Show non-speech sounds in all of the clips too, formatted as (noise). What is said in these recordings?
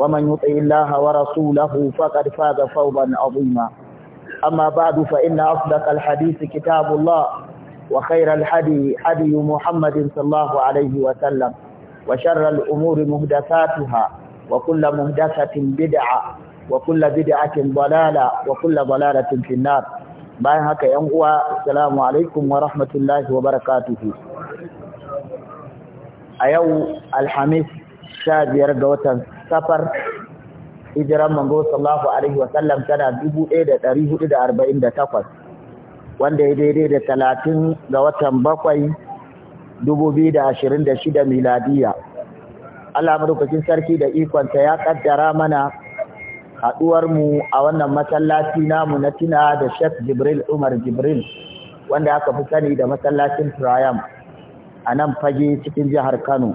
ومن يطع الله ورسوله فقد فاز فوضا عظيما أما بعد فإن أصدق الحديث كتاب الله وخير الحدي حدي محمد صلى الله عليه وسلم وشر الأمور مهدفاتها وكل مهدفة بدعة وكل بدعة ضلالة وكل ضلالة في النار bayan haka ‘yan uwa, salamu alaikum wa rahmatullahi wa barakatuhu. A yau Alhamis sha biyar ga watan safar hijiran manzo sallallahu alaihi wasallam tana 1448 wanda ya daidai da 30 ga watan 7 2026 miladiya Allah madaukakin sarki da ikonta ya kaddara mana haduwar mu a wannan masallaci namu na tuna da Sheikh Jibril Umar Jibril wanda aka fi sani da masallacin Triumph a nan fage cikin jihar Kano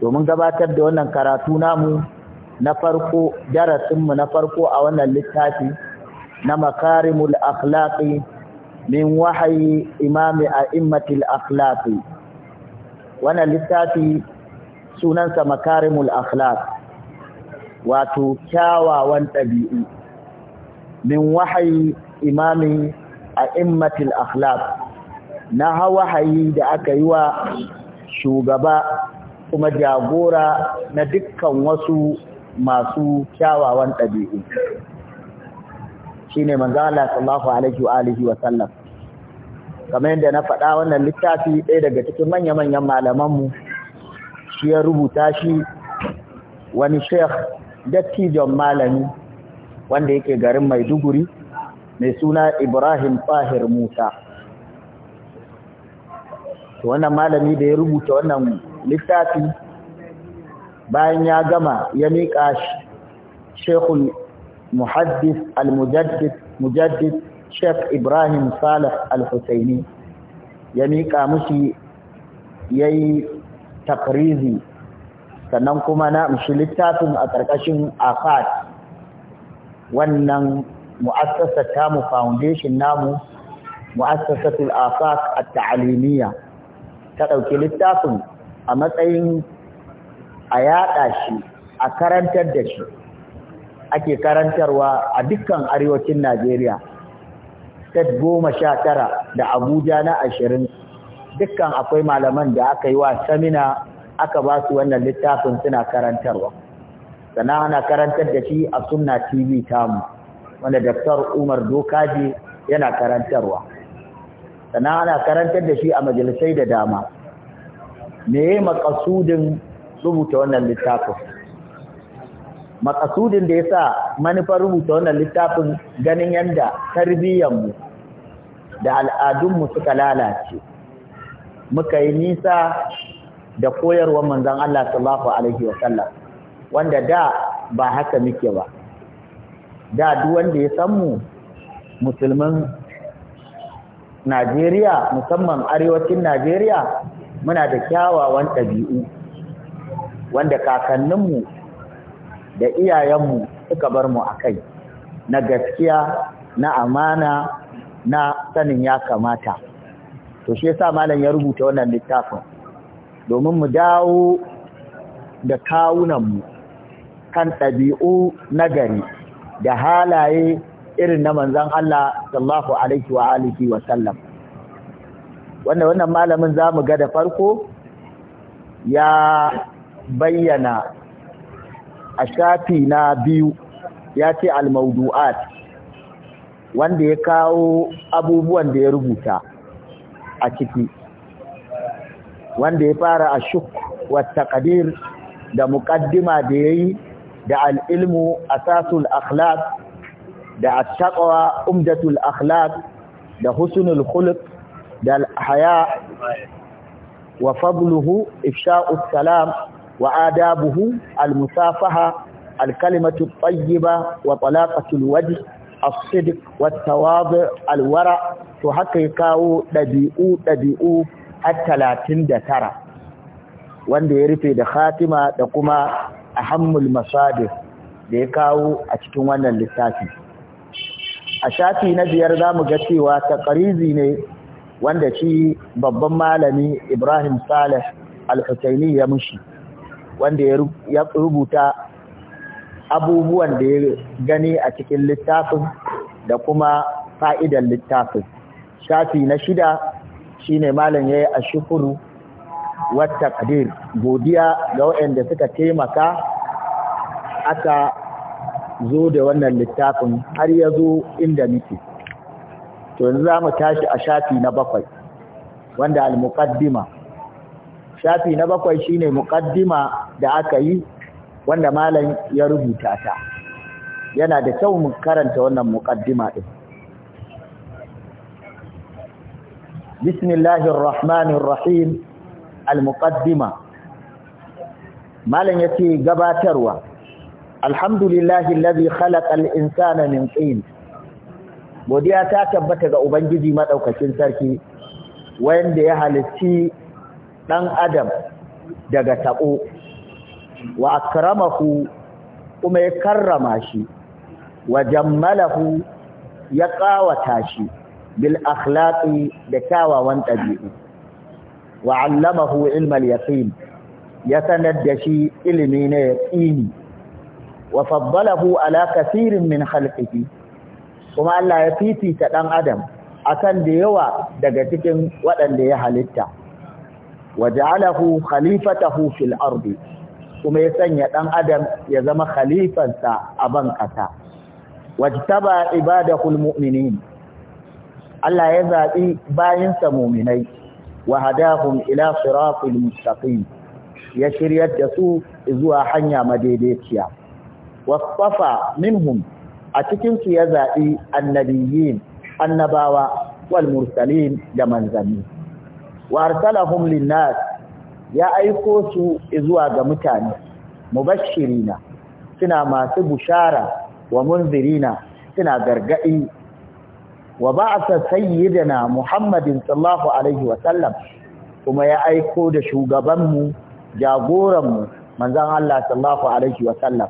domin gabatar da wannan karatu namu na farko darasinmu na farko a wannan littafi na makarimul akhlaqi min wahayi imami a'immatil akhlaqi wannan littafi sunansa makarimul akhlaq wato kyawawan ɗabi'u min wahayi imami a'immatil akhlaq na hayi da aka yi wa shugaba kuma jagora na dukkan wasu masu kyawawan ɗabi'u shine manzo Allah sallallahu alaihi wa alihi wa sallam kamar yadda na faɗa wannan littafi ɗaya daga cikin manya-manyan mu shi ya rubuta shi wani sheikh dattijon malami wanda yake garin maiduguri mai suna ibrahim fahir musa wannan malami da ya rubuta wannan littafi bayan ya gama ya miƙa shi shekul muhaddis al-mujaddid mujaddid shek ibrahim salih al-husaini ya miƙa mushi ya yi takrizi sannan kuma na mishi littafin a ƙarƙashin afad wannan mu'assasar tamu foundation namu mu'assasatul Afak at ta'alimiyya ta ɗauki littafin a matsayin a yaɗa shi a karantar da shi ake karantarwa a dukkan arewacin Najeriya state goma sha tara da Abuja na ashirin dukkan akwai malaman da aka yi wa samina aka ba su wannan littafin suna karantarwa sannan ana karantar da shi a sunna tv tamu wanda daftar umar dokaji yana karantarwa sannan ana karantar da shi a majalisai da dama Me meye makasudin rubuta wannan littafin makasudin da yasa manufar rubuta wannan littafin ganin yanda tarbiyyarmu da al'adunmu suka lalace muka yi nisa da koyarwar manzon Allah sallallahu alaihi sallam wanda da ba haka muke ba da duk wanda ya san mu musulman Najeriya musamman arewacin Najeriya muna da kyawawan ɗabi'u wanda kakanninmu da iyayenmu suka bar mu a kai na gaskiya na amana na sanin ya kamata to shi yasa malam ya rubuta wannan littafin domin mu dawo da kawunanmu kan ɗabi'u nagari da halaye irin na manzon Allah sallallahu alaihi wa alihi wa sallam wanda wannan malamin za mu ga da farko ya bayyana a shafi na biyu ya ce almaudu'at wanda ya kawo abubuwan da ya rubuta a ciki wanda ya fara a shuk wata ƙadir da muƙaddima da ya yi da al'ilmu a asasul akhlaq da a attaƙawa umdatul akhlaq da husnul khuluk da haya wa fadluhu ifsha'u salam wa adabuhu almusafaha alkalimatu tayyiba wa talaqatul wajh as-sidq wa alwara to haka ya kawo dabi'u dabi'u har 39 wanda ya rufe da khatima da kuma ahammul masadir da ya kawo a cikin wannan littafi a shafi na biyar zamu ga cewa taqrizi ne wanda shi babban malami Ibrahim Saleh Al-Husaini ya mushi wanda ya rubuta abubuwan da ya gani a cikin littafin da kuma fa'idan littafin shafi na shida shine malam yayi ashkuru wata taqdir godiya ga waɗanda suka taimaka aka zo da wannan littafin har ya zo inda muke to yanzu za mu tashi a shafi na bakwai wanda al-muqaddima shafi na bakwai shine muqaddima da aka yi wanda malam ya rubuta ta yana da kyau mu karanta wannan muqaddima din bismillahir rahmanir rahim al-muqaddima malam yace gabatarwa alhamdulillahi alladhi khalaqa al-insana min tin godiya ta tabbata ga ubangiji maɗaukacin sarki wanda ya halitti ɗan adam daga taɓo. wa akramahu kuma ya karrama shi wa jammalahu ya ƙawata shi bil akhlaqi da kyawawan ɗabi'u wa 'allamahu ilmal yaqin ya sanar da shi ilimi na yaqini wa faddalahu ala kathirin min khalqihi kuma Allah ya fifita ɗan adam akan da yawa daga cikin waɗanda ya halitta Waje waja'alahu khalifatahu fil ardi kuma ya sanya ɗan adam ya zama khalifansa a ban ƙasa taba ibadahul mu'minin Allah ya zaɓi bayansa muminai wa hadahum ila siratil mustaqim ya shiryar da su zuwa hanya madaidaiciya wasfafa minhum a cikin su ya zaɓi annabiyyin annabawa wal mursalin da manzanni wa arsalahum linnas ya aiko su zuwa ga mutane mubashirina suna masu bushara wa munzirina suna gargadi wa ba'atha sayyidina muhammadin sallallahu alaihi wa sallam kuma ya aiko da shugabanmu jagoranmu manzon Allah sallallahu alaihi wa sallam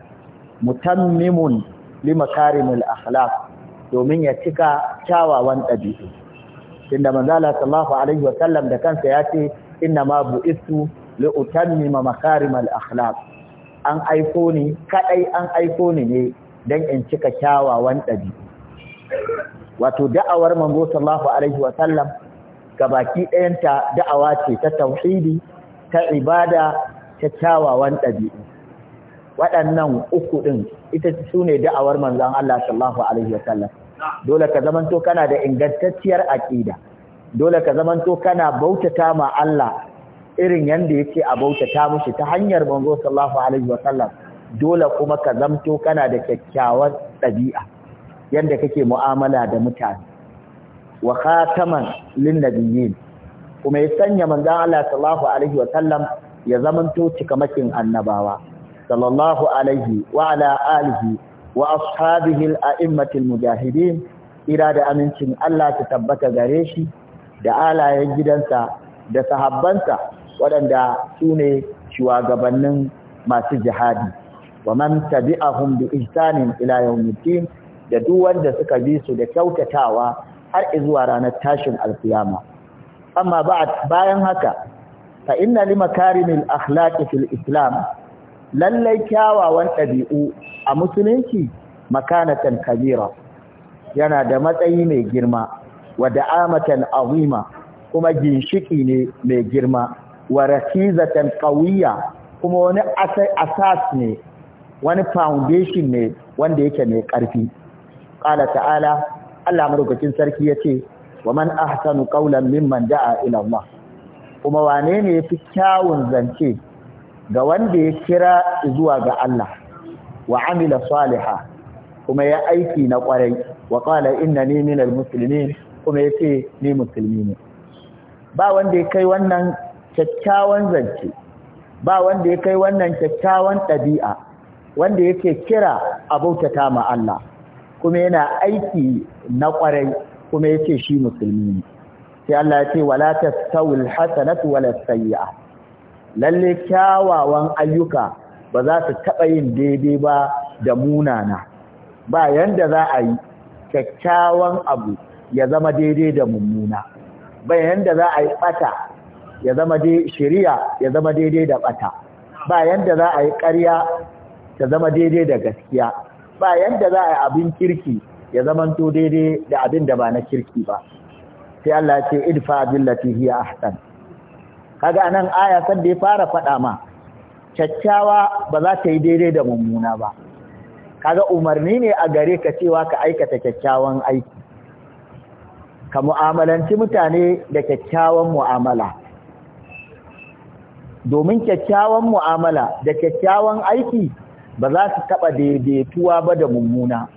mutammimun limakarimul akhlaq domin ya cika kyawawan ɗabi'u tunda manzala sallallahu alaihi wa sallam da kansa ya ce inna ma bu'istu li utammima makarimal akhlaq an aiko ni kadai an aiko ni ne dan in cika kyawawan ɗabi'u wato da'awar manzo sallallahu alaihi wa sallam gabaki ɗayanta da'awa ce ta tauhidi ta ibada ta kyawawan ɗabi'u waɗannan uku ɗin ita su ne da'awar manzan Allah sallallahu alaihi wasallam dole ka zamanto kana da ingantacciyar aƙida dole ka zamanto kana bautata ma Allah irin yanda yake a bautata mushi ta hanyar manzo sallallahu alaihi wasallam dole kuma ka zamto kana da kyakkyawar ɗabi'a yadda kake mu'amala da mutane wa khataman lin nabiyyin kuma ya sanya manzan Allah sallallahu alaihi wasallam ya zamanto cikamakin annabawa alaihi wa'ala alihi الله عليه وعلى آله وأصحابه الأئمة المجاهدين إرادة أمنشن الله تتبت غريشي da alayen gidansa da sahabbansa waɗanda sune shugabannin masu jihadi wa man tabi'ahum bi ihsanin ila yawmiddin da duk wanda suka bi su da kyautatawa har zuwa ranar tashin alkiyama amma bayan haka fa inna limakarimil akhlaqi fil islam lallai kyawawan ɗabi'u a musulunci makanatan kabira yana da matsayi mai girma wa da'amatan azima kuma ginshiki ne mai girma wa rakizatan qawiyya kuma wani asas ne wani foundation ne wanda yake mai ƙarfi qala ta'ala Allah madaukakin sarki yace wa man ahsanu qawlan mimman da'a ila Allah kuma wane ne fi kyawun zance ga wanda ya kira zuwa ga Allah wa amila saliha kuma ya aiki na kwarai wa qala innani minal muslimin kuma yace ni musulmi ne ba wanda ya kai wannan kyakkyawan zance ba wanda ya kai wannan kyakkyawan ɗabi'a wanda yake kira abautata ma Allah kuma yana aiki na kwarai kuma yace shi musulmi ne sai Allah ya ce wala tastawil hasanatu wala sayyi'ah lalle kyawawan ayyuka ba za su taɓa yin daidai ba da munana ba yanda za a yi kyakkyawan abu ya zama daidai da mummuna ba yanda za a yi ɓata ya zama ya zama daidai da ɓata ba yanda za a yi ƙarya ta zama daidai da gaskiya ba yanda za a yi abin kirki ya zamanto daidai da abin da ba na kirki ba sai Allah ce idfa billati hiya ahsan kaga anan aya da ya fara faɗa ma kyakkyawa ba za ta yi daidai da mummuna ba kaga umarni ne a gare ka cewa ka aikata kyakkyawan aiki ka mu'amalanci mutane da kyakkyawan mu'amala domin kyakkyawan mu'amala da kyakkyawan aiki ba za su taɓa daidaituwa ba da mummuna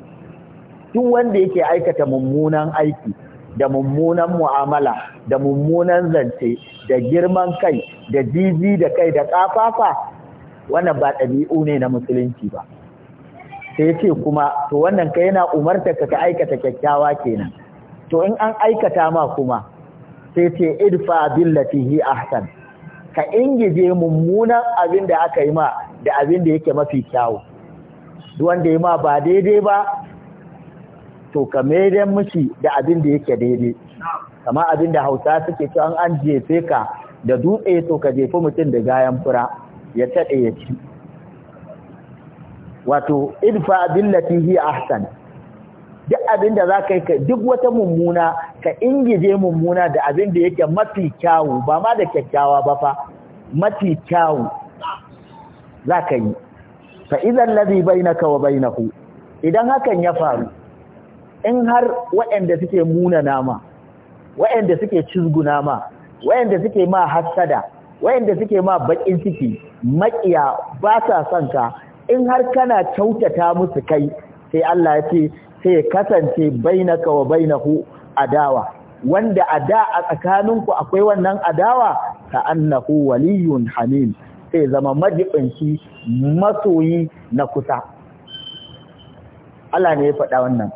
duk wanda yake aikata mummunan aiki da mummunan mu'amala da mummunan zance da girman kai da jiji da kai da kafafa wannan ba ɗabi'u ne na musulunci ba sai ce kuma to wannan kai yana umarta ka ka aikata kyakkyawa kenan to in an aikata ma kuma sai ce idfa billati hi ahsan ka ingije mummunan abin da aka yi ma da abin da yake mafi kyawu wanda ya ma ba daidai ba to ka mere da abin da yake daidai kama abin da hausa suke cewa an jefe ka da dutse to ka jefi mutum da gayan fura ya taɗe ya ci wato idfa billati hi ahsan duk abin da zaka yi duk wata mummuna ka ingije mummuna da abin da yake mafi kyawu ba ma da kyakkyawa ba fa mafi kyawu zaka yi fa idan ladhi bainaka wa bainahu idan hakan ya faru in har waɗanda suke muna nama waɗanda suke cizguna ma waɗanda suke ma hassada waɗanda suke ma baƙin ciki maƙiya ba sa son ka in har kana kyautata musu kai sai Allah ya ce sai ya kasance bainaka wa bainahu adawa wanda ada a tsakaninku akwai wannan adawa ka annahu waliyun hamim sai zama majibinci masoyi na kusa Allah ne ya faɗa wannan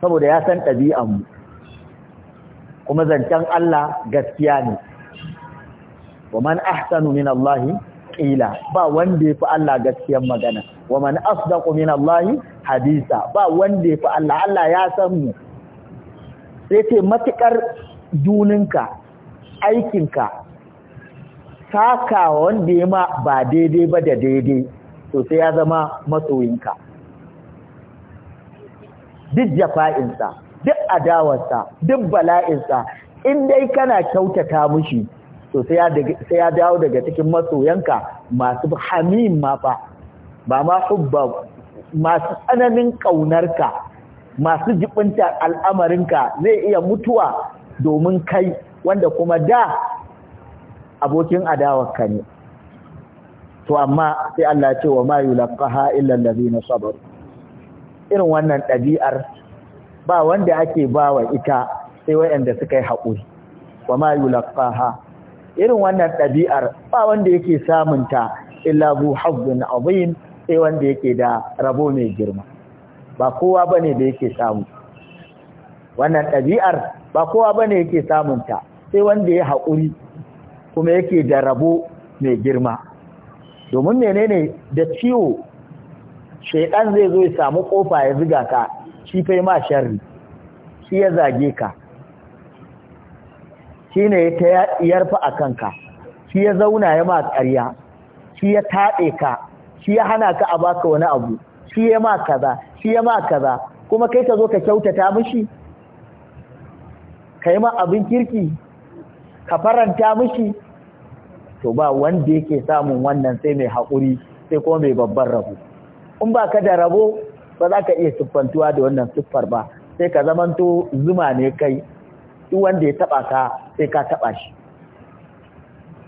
saboda ya san ɗabi'anmu kuma zancen Allah gaskiya ne wa man ahsanu min Allah ƙila. ba wanda ya fi Allah gaskiyar magana wa man asdaqu min Allah hadisa ba wanda ya fi Allah Allah ya san mu sai ce matukar duninka aikinka sakawa wanda ya ma ba daidai ba da daidai sosai ya zama masoyinka duk jafa'insa duk adawarsa duk bala'insa in dai kana kyautata mushi to sai ya dawo daga cikin masoyanka masu hamim ma fa ba ma hubba masu tsananin ƙaunarka masu jibinta al'amarinka zai iya mutuwa domin kai wanda kuma da abokin adawarka ne to amma sai Allah ce wa ma yulqaha illa na sabaru irin wannan ɗabi'ar ba wanda ake bawa ita sai wayanda suka yi haƙuri wa ma irin wannan ɗabi'ar ba wanda yake samunta illa bu hazzun azim sai wanda yake da rabo mai girma ba kowa bane da yake samu wannan ɗabi'ar ba kowa bane yake samunta sai wanda ya haƙuri kuma yake da rabo mai girma domin menene da ciwo shaidan zai zo ya samu kofa ya ziga ka shi fai ma sharri shi ya zage ka shi ne ya yarfa a kanka shi ya zauna ya ma karya. shi ya taɗe ka shi ya hana ka a baka wani abu shi ya ma kaza shi ya ma kaza kuma kai ka zo ka kyautata mishi ka yi ma abin kirki ka faranta mishi to ba wanda yake samun wannan sai mai haƙuri sai kuma mai babban rahoto in ba ka da rabo ba za ka iya siffantuwa da wannan siffar ba sai ka zamanto zuma ne kai duk wanda ya taba ka sai ka taba shi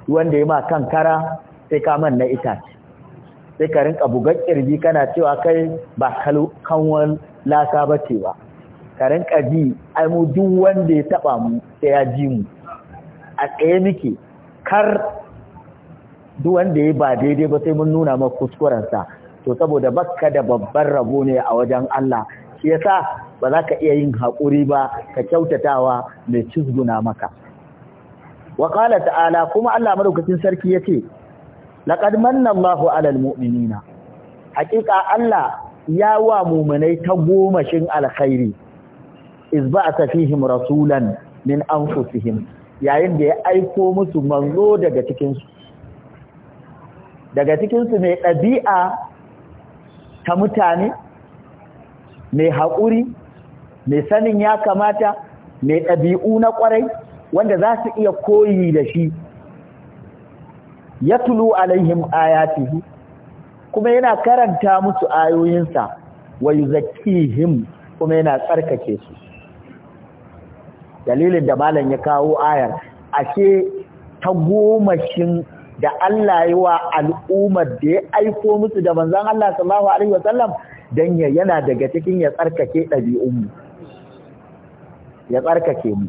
duk wanda ya ma kankara sai ka man na itace sai ka rinka bugar kirji kana cewa kai ba kanwan laka ba ce ba ka rinka ji ai mu duk wanda ya taba mu sai ya ji mu a tsaye muke kar duk wanda ya ba daidai ba sai mun nuna ma kuskurensa to saboda baka da babban rabo ne a wajen Allah shi yasa ba za ka iya yin haƙuri ba ka kyautatawa mai cizguna maka wa qala ta'ala kuma Allah madaukakin sarki yace laqad manna Allahu 'alal mu'minina haƙiƙa Allah ya wa mu'minai ta shin alkhairi iz ba'atha fihim rasulan min anfusihim yayin da ya aiko musu manzo daga cikin daga cikin su mai ɗabi'a ta mutane mai haƙuri mai sanin ya kamata mai ɗabi'u na ƙwarai wanda za su iya koyi da shi ya tulu alaihim ayatihi kuma yana karanta musu ayoyinsa wa yuzakkihim kuma yana tsarkake su dalilin da malam ya kawo ayar ashe ta goma gomashin da Allah yi wa al'ummar da ya aiko musu da manzan Allah sallallahu Alaihi wasallam don yana daga cikin ya tsarkake ɗabi'unmu, ya tsarkake mu.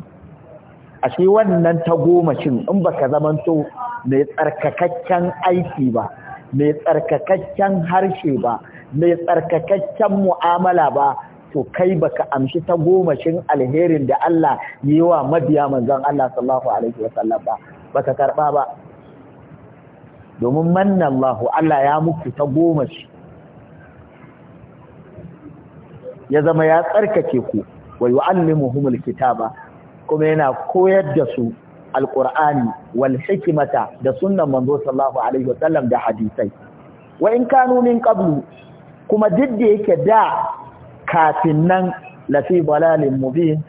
A shi wannan ta in ba ka zamanto mai tsarkakakken aiki ba, mai tsarkakakken harshe ba, mai tsarkakakken mu'amala ba, to kai baka amshi ta alherin da Allah yi wa mabiya manzan Allah sallallahu alaihi wasallam ba baka karɓa ba domin manna Allahu Allah ya muku ta goma shi ya zama ya tsarkake ku wa yu'allimuhumul kitaba kuma yana koyar da su alqur'ani wal hikmata da sunnan manzo sallallahu alaihi wasallam da hadisai wa in kanu min qablu kuma duk da yake da kafin nan fi balalin mubin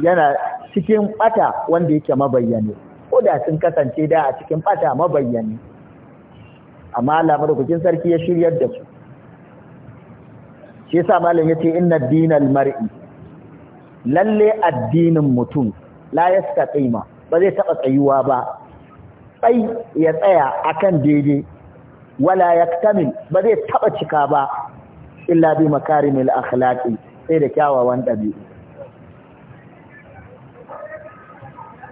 yana cikin bata wanda yake mabayyane ko da sun kasance da a cikin bata mabayyane amma Allah madaukakin sarki ya shiryar da su shi yasa malam yace inna dinal mar'i lalle addinin mutum la yastaqima ba zai taba tsayuwa ba tsai ya tsaya akan daidai wala yaktamil ba zai taba cika ba illa bi makarimil akhlaqi sai da kyawawan dabi'u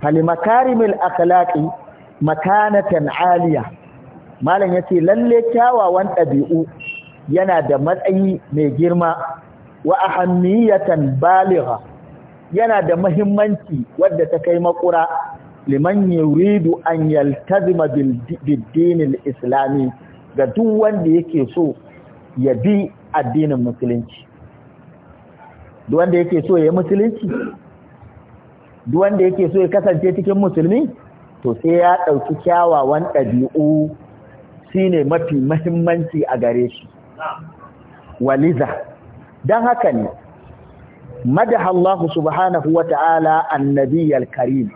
fali makarimil akhlaqi makanatan aliyah malam ya ce lalle kyawawan ɗabi'u yana da matsayi mai girma wa ahammiyatan baligha yana da mahimmanci wadda ta kai makura liman yuridu an yaltazima al islami ga duk wanda yake so ya bi addinin musulunci duk wanda yake so ya yi musulunci duk wanda yake so ya kasance cikin musulmi to sai ya ɗauki kyawawan ɗabi'u shine mafi mahimmanci a gare shi waliza dan haka ne madaha Allah subhanahu wata'ala annabiyal karim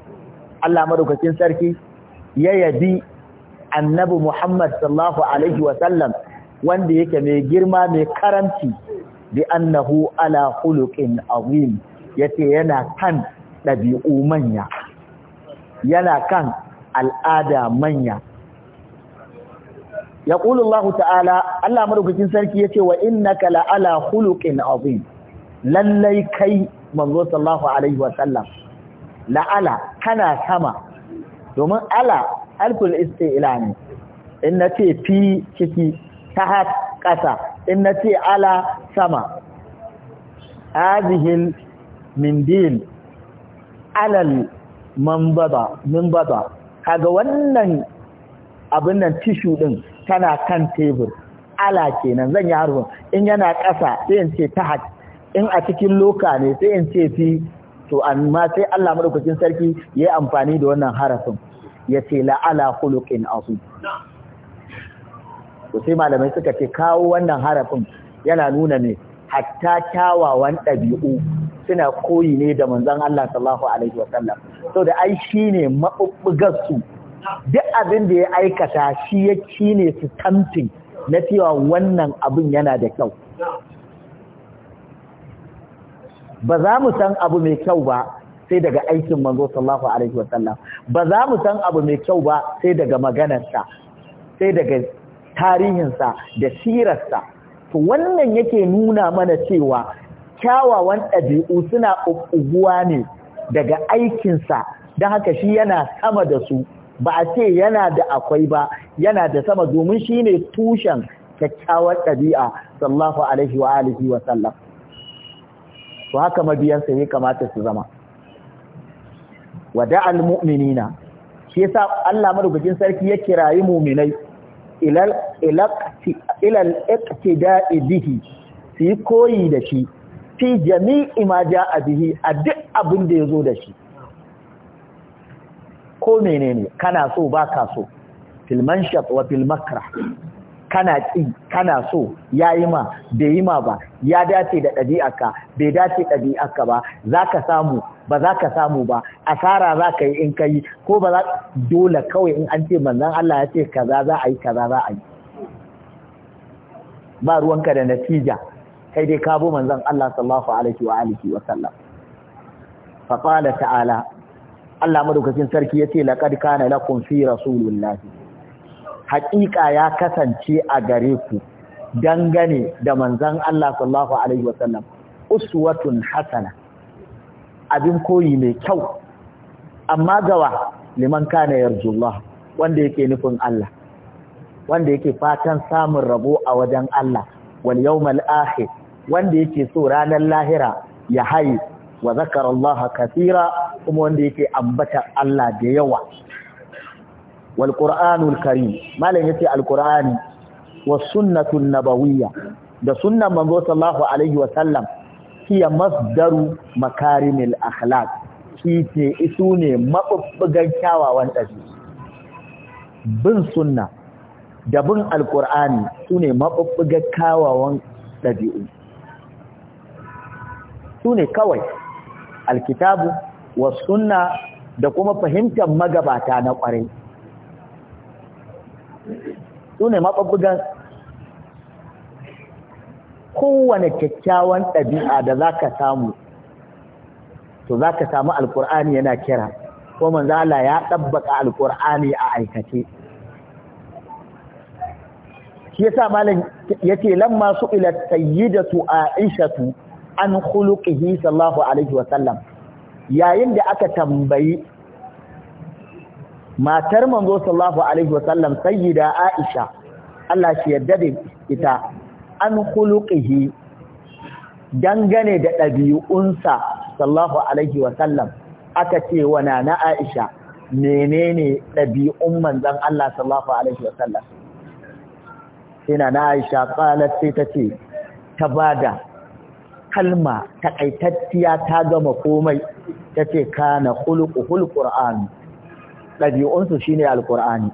Allah madaukakin sarki ya yabi annabi Muhammad sallallahu alaihi wa sallam wanda yake mai girma mai karanci bi annahu ala khuluqin azim yace yana kan dabi'u manya yana kan al'ada manya yaqulu Allah ta'ala Allah madaukakin sarki yace wa innaka ka ala khuluqin azim lallai kai manzo sallallahu alaihi wa sallam kana sama domin ala alful isti'la ne in ce fi ciki ta ƙasa in nace ala sama azihin mindil alal manbada minbada kaga wannan abin nan tishu din tana kan tebur ala kenan zan yi harfin in yana ƙasa sai in ce tahat in a cikin loka ne sai in ce fi to amma sai Allah madaukakin sarki ya yi amfani da wannan harafin ya ce la'ala kulukin asu to sai malamai suka ce kawo wannan harafin yana nuna ne hatta kyawawan ɗabi'u suna koyi ne da manzan Allah sallallahu alaihi wasallam so da ai shine mabubbugar su duk abin da ya aikata shi ya ci ne su tamfin na cewa wannan abin yana da kyau ba za mu san abu mai kyau ba sai daga aikin manzo sallahu alaihi wasallam ba za mu san abu mai kyau ba sai daga maganarsa sai daga tarihinsa da sirarsa to wannan yake nuna mana cewa kyawawan ɗabi'u suna uguwa ne daga aikinsa don haka shi yana sama da su ba a ce yana da akwai ba yana da sama domin shi ne tushen kyakkyawar ɗabi'a sallahu alaihi wa alihi wa sallam to haka mabiyansa ya kamata su zama wada almu'minina shi yasa Allah madaukakin sarki ya kirayi mu'minai ilal ilaqti ilal iqtida'i bihi su koyi da shi fi jami'i ma ja'a bihi a duk abin da yazo da shi ko menene kana so ba ka so fil manshat wa fil makrah kana ki kana so yayi ma bai yi ma ba ya dace da dabi'arka bai dace dabi'arka ba za samu ba za samu ba asara za ka yi in ka ko ba za dole kawai in an ce manzon Allah ya ce kaza za a yi kaza za a yi ba ruwanka da natija kai dai ka bo manzon Allah sallallahu alaihi wa alihi wa sallam fa qala ta'ala Allah madaukakin sarki yace laqad kana lakum fi rasulillah haƙiƙa ya kasance a gare ku dangane da manzon Allah sallallahu alaihi wasallam uswatun hasana abin koyi mai kyau amma gawa liman kana yarjullah wanda yake nufin Allah wanda yake fatan samun rabo a wajen Allah wal yawmal akhir wanda yake so ranar lahira ya hayi wa zakarallaha Allah kuma wanda yake ambatar Allah da yawa wal qur'anul karim malam yace al qur'ani was sunnatun nabawiyya da sunnan manzo sallallahu alaihi wa sallam hiya masdaru makarimil akhlaq shi ce isu ne mabubbugan kyawawan dabi'u bin sunna da bin alkur'ani su ne maɓuɓɓugar kawawan ɗabi'u su ne kawai alkitabu wa sunna da kuma fahimtar magabata na ƙwarai su ne maɓaɓɓugan kowane kyakkyawan ɗabi'a da za ka samu to za ka samu alƙur'ani yana kira ko zala ya ɗabbaka alƙur'ani a aikace shi yasa malam yace lamma su sayyidatu aishatu an hulukihi sallahu alaihi wa yayin da aka tambayi matar manzo sallallahu alaihi wasallam sayyida Aisha Allah shi yadda da ita an khuluqihi dangane da ɗabi'unsa sallallahu alaihi wasallam aka ce wa na Aisha menene ɗabi'un manzon Allah sallallahu alaihi wasallam sai na Aisha qalat sai ta ce ta bada kalma takaitacciya ta gama komai ta ce na hulƙuhul ƙur'ani ɗabi'unsu shi ne alƙur'ani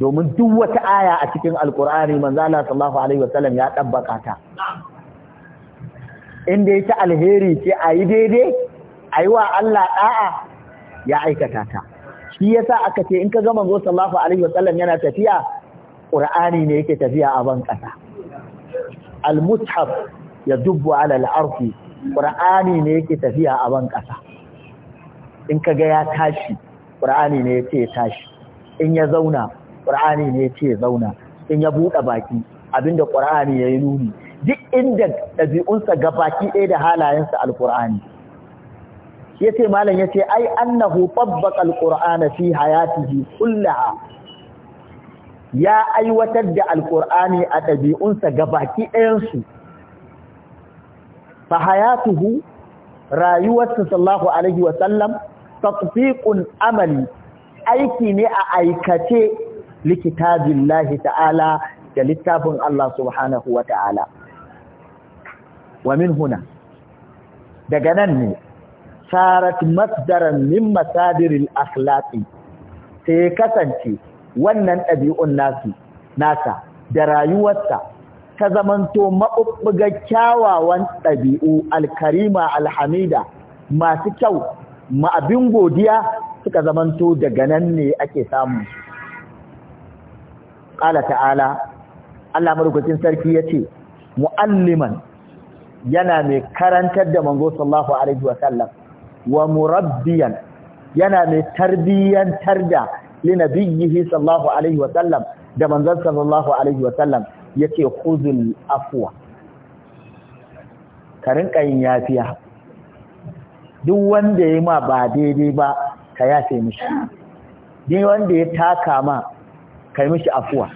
domin duk wata aya a cikin alƙur'ani manzala sallahu alaihi wasallam ya ɗabbaƙa ta inda ya ci alheri ce a yi daidai a yi wa Allah ɗa'a ya aikata ta shi ya sa aka ce in ka gama zo sallahu alaihi wasallam yana tafiya ƙur'ani ne yake tafiya a ban ƙasa al-mushaf ya dubbu ala al-arfi qur'ani ne yake tafiya a ban kasa in kaga ya tashi qur'ani ne yake tashi in ya zauna qur'ani ne yake zauna in ya bude baki abinda qur'ani yayi nuni duk inda dabi'unsa baki ɗaya da halayensa al-qur'ani yace malam yace ai annahu tabbaqa al-qur'ana fi hayatihi kullaha ya aiwatar da alƙur'ani a ɗabi'unsa ga baki ɗayansu fa hayatuhu rayuwarsa Sallahu alaihi wasallam tatbiqun amali aiki ne a aikace likitabillahi ta'ala da littafin Allah subhanahu wa ta'ala wa min huna daga nan ne sarat masdaran min masadiril akhlaqi sai kasance wannan ɗabi'un nasu nasa da rayuwarsa ta zamanto maɓuɓɓuga kyawawan ɗabi'u alkarima alhamida masu kyau ma abin godiya suka zamanto daga nan ne ake samun su ƙala ta'ala Allah marukacin sarki ya ce mu'alliman yana mai karantar da mango sallahu alaihi wa sallam wa murabbiyan yana mai tarbiyyantar da linabiyhi sallallahu alaihi wa sallam da manzon sallallahu alaihi wa sallam yace khuzul afwa Karin kayin yafiya duk wanda ya ma ba daidai ba ka yafe mishi duk wanda ya taka ma ka yi mishi afuwa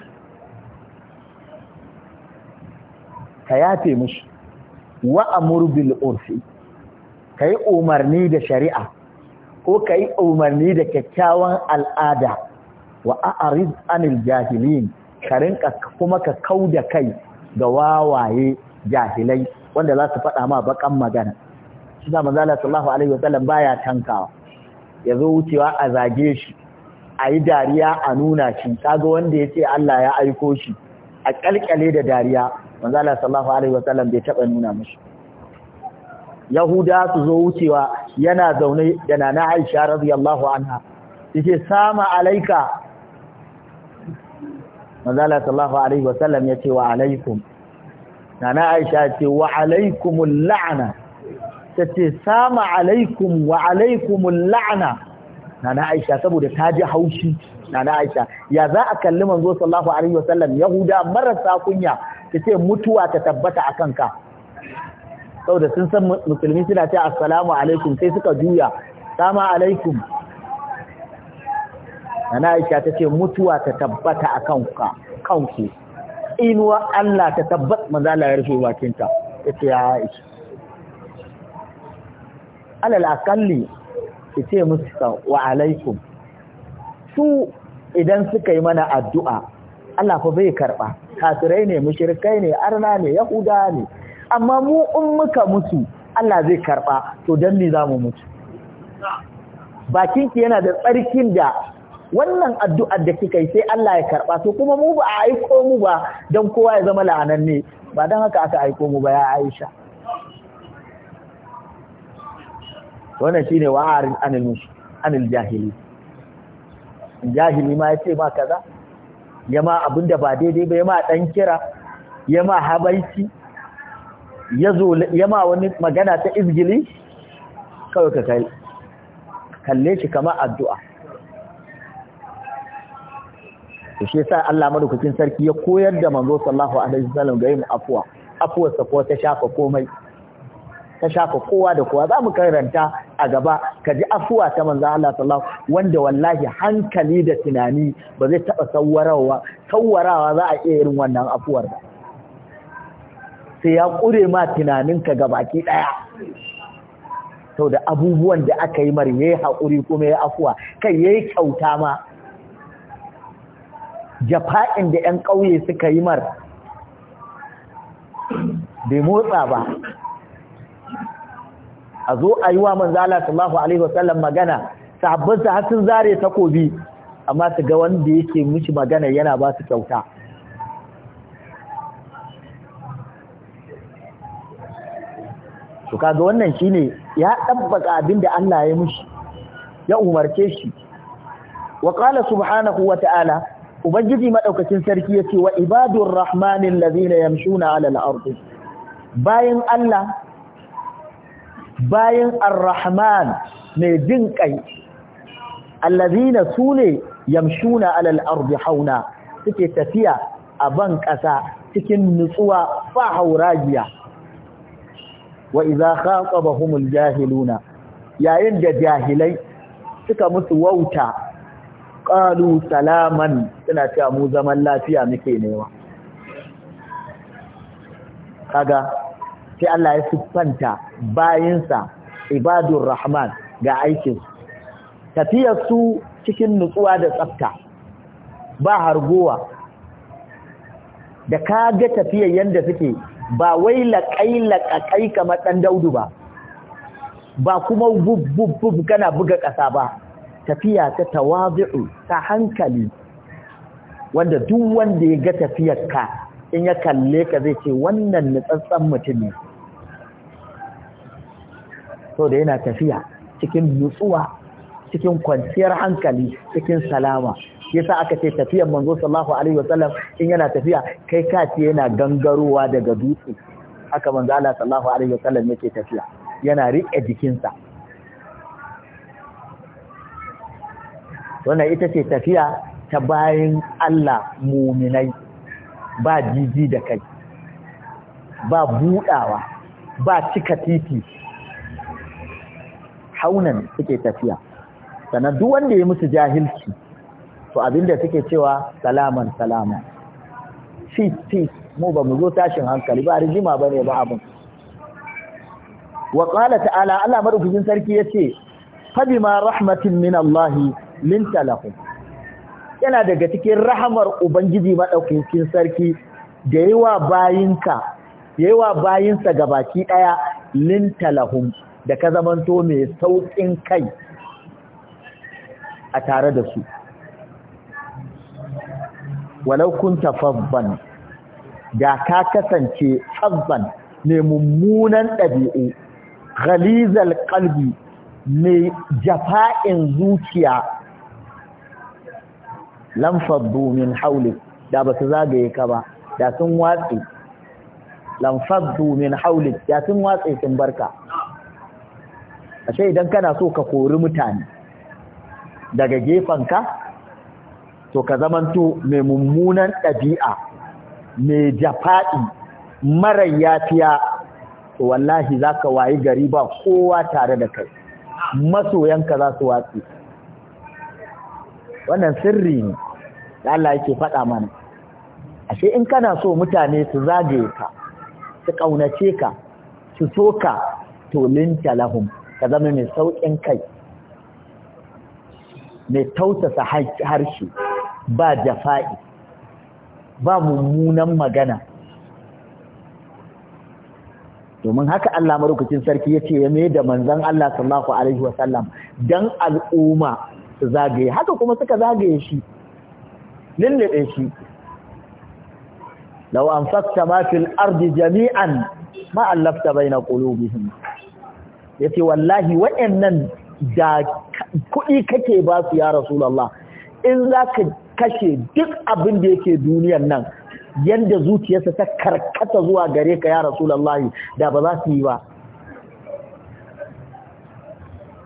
ka yafe mishi wa amuru bil urfi kai umarni da shari'a ko ka yi umarni da kyakkyawan al'ada wa a'arid anil jahilin ka rinka kuma ka kau da kai ga wawaye jahilai wanda za su faɗa ma bakan magana shi da Allah sallallahu alaihi wasallam baya tankawa ya zo wucewa a zage shi a yi dariya a nuna shi kaga wanda ya ce Allah ya aiko shi a kalkale da dariya Allah sallallahu alaihi wasallam bai taɓa nuna mashi yahuda su zo wucewa yana zaune da nana aisha radiyallahu anha yace sama alaika manzala sallallahu alaihi wasallam yace wa alaikum nana aisha ce wa alaikumul la'na tace sama alaikum wa alaikumul la'na nana aisha saboda ta ji haushi nana aisha ya za a kalli manzo sallallahu alaihi wasallam yahuda marasa kunya tace mutuwa ta tabbata akan ka saboda sun san musulmi suna ce assalamu alaikum sai suka juya sama alaikum ana aisha ta ce mutuwa ta tabbata a kanka kanku inuwa Allah ta tabbata mazala ya rufe bakinta ta ce ya aisha alal akalli ki ce musu wa alaikum su idan suka yi mana addu'a Allah fa bai karɓa kafirai ne mushrikai ne arna ne yahuda ne amma mu in muka mutu Allah zai karba to dan me zamu mutu bakinki yana da tsarkin da wannan addu'ar da kika yi sai Allah ya karba to kuma mu ba a aiko mu ba dan kowa ya zama la'ananne ba dan haka aka aiko mu ba ya Aisha wannan shine wa'arin anil mushi anil jahili jahili ma yace ma kaza yama abinda ba daidai ba yama dan kira yama habaici ya ma wani magana ta izgili kawai ka kalle shi kama addu'a shi sa Allah madaukakin sarki ya koyar da manzo sallallahu alaihi wasallam ga yin afuwa sa ko ta shafa komai ta shafa kowa da kowa za mu karanta a gaba ka ji afuwa ta manzo Allah sallallahu wanda wallahi hankali da tunani ba zai taba sawarawa sawarawa za a iya irin wannan afuwar ba sai ya ƙure ma tunaninka baki ɗaya sau da abubuwan da aka yi mar ya yi haƙuri kuma ya afuwa kai ya yi kyauta ma jafa'in da 'yan ƙauye suka yi mar bai motsa ba a zo a yi wa manzala sallallahu alaihi wasallam magana sahabbansa har zare takobi amma su ga wanda yake mishi magana yana ba su kyauta to kaga wannan shine ya dabbaka abinda Allah ya mushi ya umarce shi wa qala subhanahu wa ta'ala ubangiji madaukakin sarki yace wa ibadur rahmanil ladina yamshuna 'ala al-ardi bayan Allah bayan ar-rahman mai jin kai alladina sune yamshuna 'ala al-ardi hauna suke tafiya a ban kasa cikin nutsuwa fa haurajiya. wa idza khatabahumul jahiluna yayin da jahilai suka musu wauta qalu salaman suna cewa mu zaman lafiya muke newa kaga sai Allah ya siffanta bayinsa ibadur rahman ga aikin tafiyar su cikin nutsuwa da tsafta ba hargowa da kaga tafiyar yanda suke ba wai laƙai laƙaƙai kamar ɗan daudu ba ba kuma bubbub kana buga ƙasa ba tafiya ta tawazi'u ta hankali wanda duk wanda ya ga tafiyarka in ya kalle ka zai ce wannan nutsatsen mutum ne so da yana tafiya cikin nutsuwa cikin kwanciyar hankali cikin salama shi yasa aka ce tafiyar manzo sallallahu alaihi wasallam in yana tafiya kai ka ce yana gangarowa daga dutse haka manzo Allah sallallahu alaihi wasallam yake tafiya yana rike jikinsa wannan ita ce tafiya ta bayan Allah muminai ba jiji da kai ba budawa ba cika titi haunan suke tafiya sannan duk wanda ya musu jahilci to da suke cewa salaman salaman peace mu ba mu zo tashin hankali ba rijima bane ba abin wa qala ta'ala Allah madaukakin sarki yace fa bima rahmatin min Allah linta lahum yana daga cikin rahamar ubangiji madaukakin sarki da yawa bayinka yawa bayinsa gabaki daya linta lahum da ka zamanto mai sauƙin kai a tare da su walau kunta fabban da ka kasance fabban ne mummunan ɗabi'u ghalizal qalbi ne jafa'in zuciya lam faddu min da ba su zagaye ka ba da sun watsi lam faddu min da sun watsi sun barka ashe idan kana so ka kori mutane daga gefanka to ka zamanto mai mummunan ɗabi'a mai jafaɗi, mara yafiya to wallahi za ka wayi gari ba kowa tare da kai masoyanka za su watsi wannan sirri ne da Allah yake faɗa mana ashe in kana so mutane su zage ka su ƙaunace ka su so ka to linta lahum ka zama mai sauƙin kai mai tausasa harshe ba jafa'i ba mummunan magana domin haka Allah marukacin sarki ya ce ya mai da manzan Allah sallallahu Alaihi wasallam don al'umma su zagaye haka kuma suka zagaye shi lullube shi lau an fakta mafil ardi jami'an ma'allafta bai na ƙulubihim ya ce wallahi waɗannan da kuɗi kake ba su ya rasulallah in za ka kashe duk abin da yake duniyan nan yadda zuciyarsa ta karkata zuwa gare ka ya lallahi da ba za su yi ba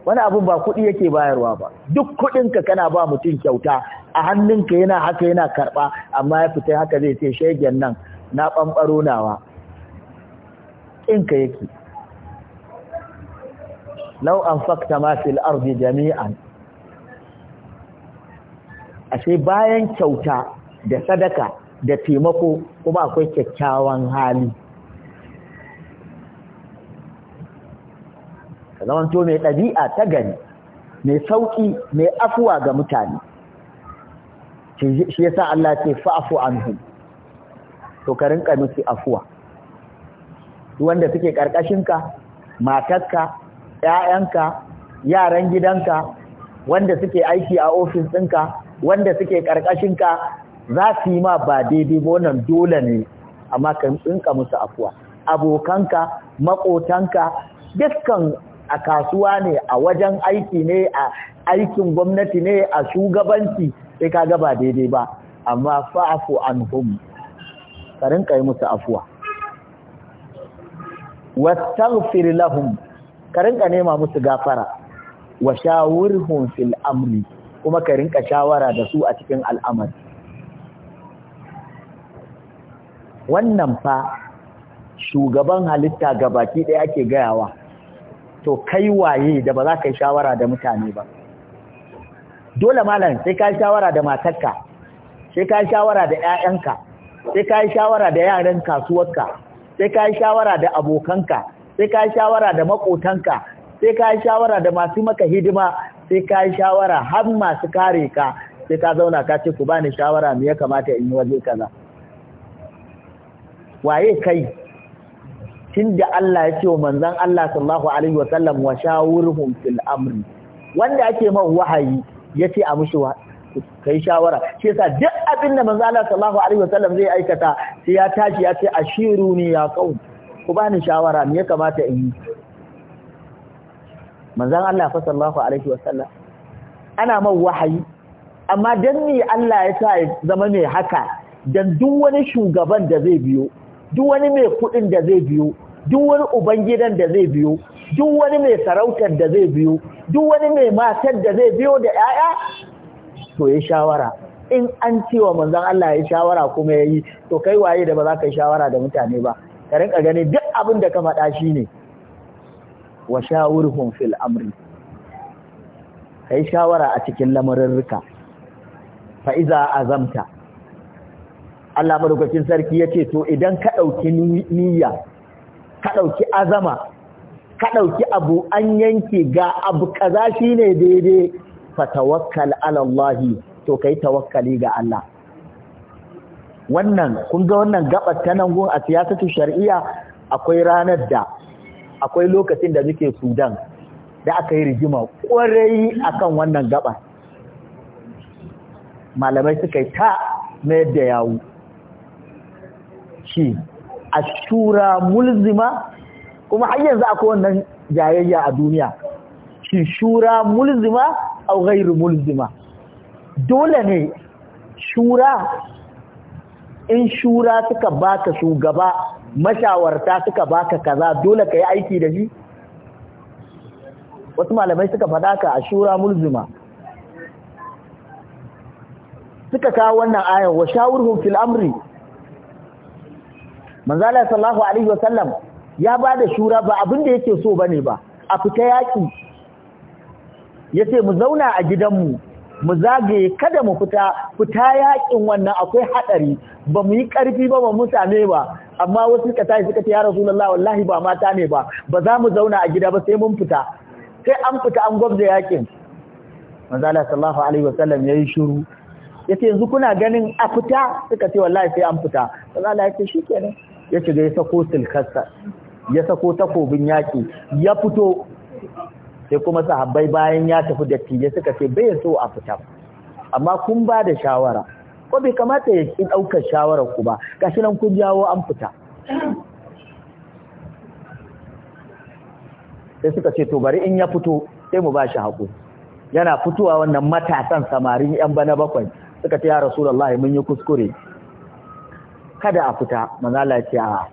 wani abin ba kuɗi yake bayarwa ba duk kuɗinka kana ba mutum kyauta a hannunka yana haka yana karɓa amma ya fita haka zai ce shegen nan na ɓamɓaro nawa ɗinka yake lau an fakta ma fil ardi jami'an ashe bayan kyauta da sadaka da taimako kuma akwai kyakkyawan hali ka zamanto mai ɗabi'a ta gani mai sauƙi mai afuwa ga mutane shi yasa Allah ce fa'afu anhu to ka rinka miki afuwa wanda suke ƙarƙashinka, matarka 'ya'yanka, yaran gidanka wanda suke aiki a ofis ɗinka wanda suke karkashin ka za su yi ma ba daidai ba wannan dole ne amma ka tsinka musu afuwa abokanka maƙotanka dukkan a kasuwa ne a wajen aiki ne a aikin gwamnati ne a shugabanci sai ka ga ba daidai ba amma fa'afu hum, ka rinka yi musu afuwa wastaghfir lahum ka rinka nema musu gafara wa shawurhum fil amri kuma ka rinka shawara da su a cikin al'amari wannan fa shugaban halitta ga baki ɗaya ake gayawa to kai waye da ba za ka yi shawara da mutane ba dole malam sai ka shawara da matarka sai ka shawara da 'ya'yanka sai ka shawara da yaran kasuwarka sai ka shawara da abokanka sai ka yi shawara da makotanka sai ka yi shawara da masu maka hidima sai ka yi shawara har masu kare ka sai ka zauna ka ce ku bani shawara me ya kamata in yi waje kaza waye kai tunda Allah ya ce wa manzon Allah sallallahu alaihi wasallam wa shawurhum fil amri wanda ake man wahayi yace a mushi kai shawara shi sa duk abin da manzo Allah sallallahu alaihi wasallam zai aikata sai ya tashi ya ce ashiruni ya qaum ku bani shawara me ya kamata in yi manzan Allah fa sallallahu alaihi wasallam ana man wahayi amma dan ni Allah ya sa zama mai haka dan duk wani shugaban da zai biyo duk wani mai kudin da zai biyo duk wani ubangidan da zai biyo duk wani mai sarautar da zai biyo duk wani mai matar da zai biyo da yaya to ya shawara in an cewa manzan Allah ya shawara kuma yayi to kai waye da ba za ka yi shawara da mutane ba ka rinka gani duk abin da ka faɗa shine wa shawurhum fil amri kai shawara a cikin ruka, fa iza azamta Allah madaukakin sarki yace to idan ka dauki niyya ka dauki azama ka dauki abu an yanke ga abu kaza shine daidai fa tawakkal ala Allah to kai tawakkali ga Allah wannan kun ga wannan gabar ta nan gun a siyasatu shar'iyya akwai ranar da akwai lokacin da muke Sudan da aka yi rigima kwarai akan wannan gaba malamai suka yi ta mai da yawo shi shura mulzima kuma har yanzu akwai wannan jayayya a duniya shi shura mulzima au ghairu mulzima dole ne shura in shura suka baka shugaba mashawarta suka baka kaza dole ka yi aiki da shi wasu malamai suka faɗa ka a shura mulzuma suka kawo wannan ayan wa shawurhum fil amri manzala sallahu alaihi wasallam ya ba da shura ba abin da yake so bane ba a fita yaki yace mu zauna a gidanmu mu zagaye kada mu fita fita yakin wannan akwai haɗari, ba mu yi karfi ba ba mu same ba amma wasu suka tashi suka ce ya rasulullah wallahi ba mata ne ba ba za mu zauna a gida ba sai mun fita sai an fita an gwabza yakin manzo Allah sallallahu alaihi wasallam yayi shiru yace yanzu kuna ganin a fita suka ce wallahi sai an fita manzo Allah yace shikenan ya shiga ya sako silkarsa ya sako takobin yaki ya fito sai kuma sahabbai bayan ya tafi da tije suka ce bai so a fita amma kun ba da shawara ko bai kamata ya ki ɗaukar shawarar ku ba gashi nan kun jawo an fita sai suka ce to bari in ya fito sai mu ba shi haƙuri yana fitowa wannan matasan samarin yan bana bakwai suka ce ya rasulullahi mun yi kuskure kada a fita manzala ce a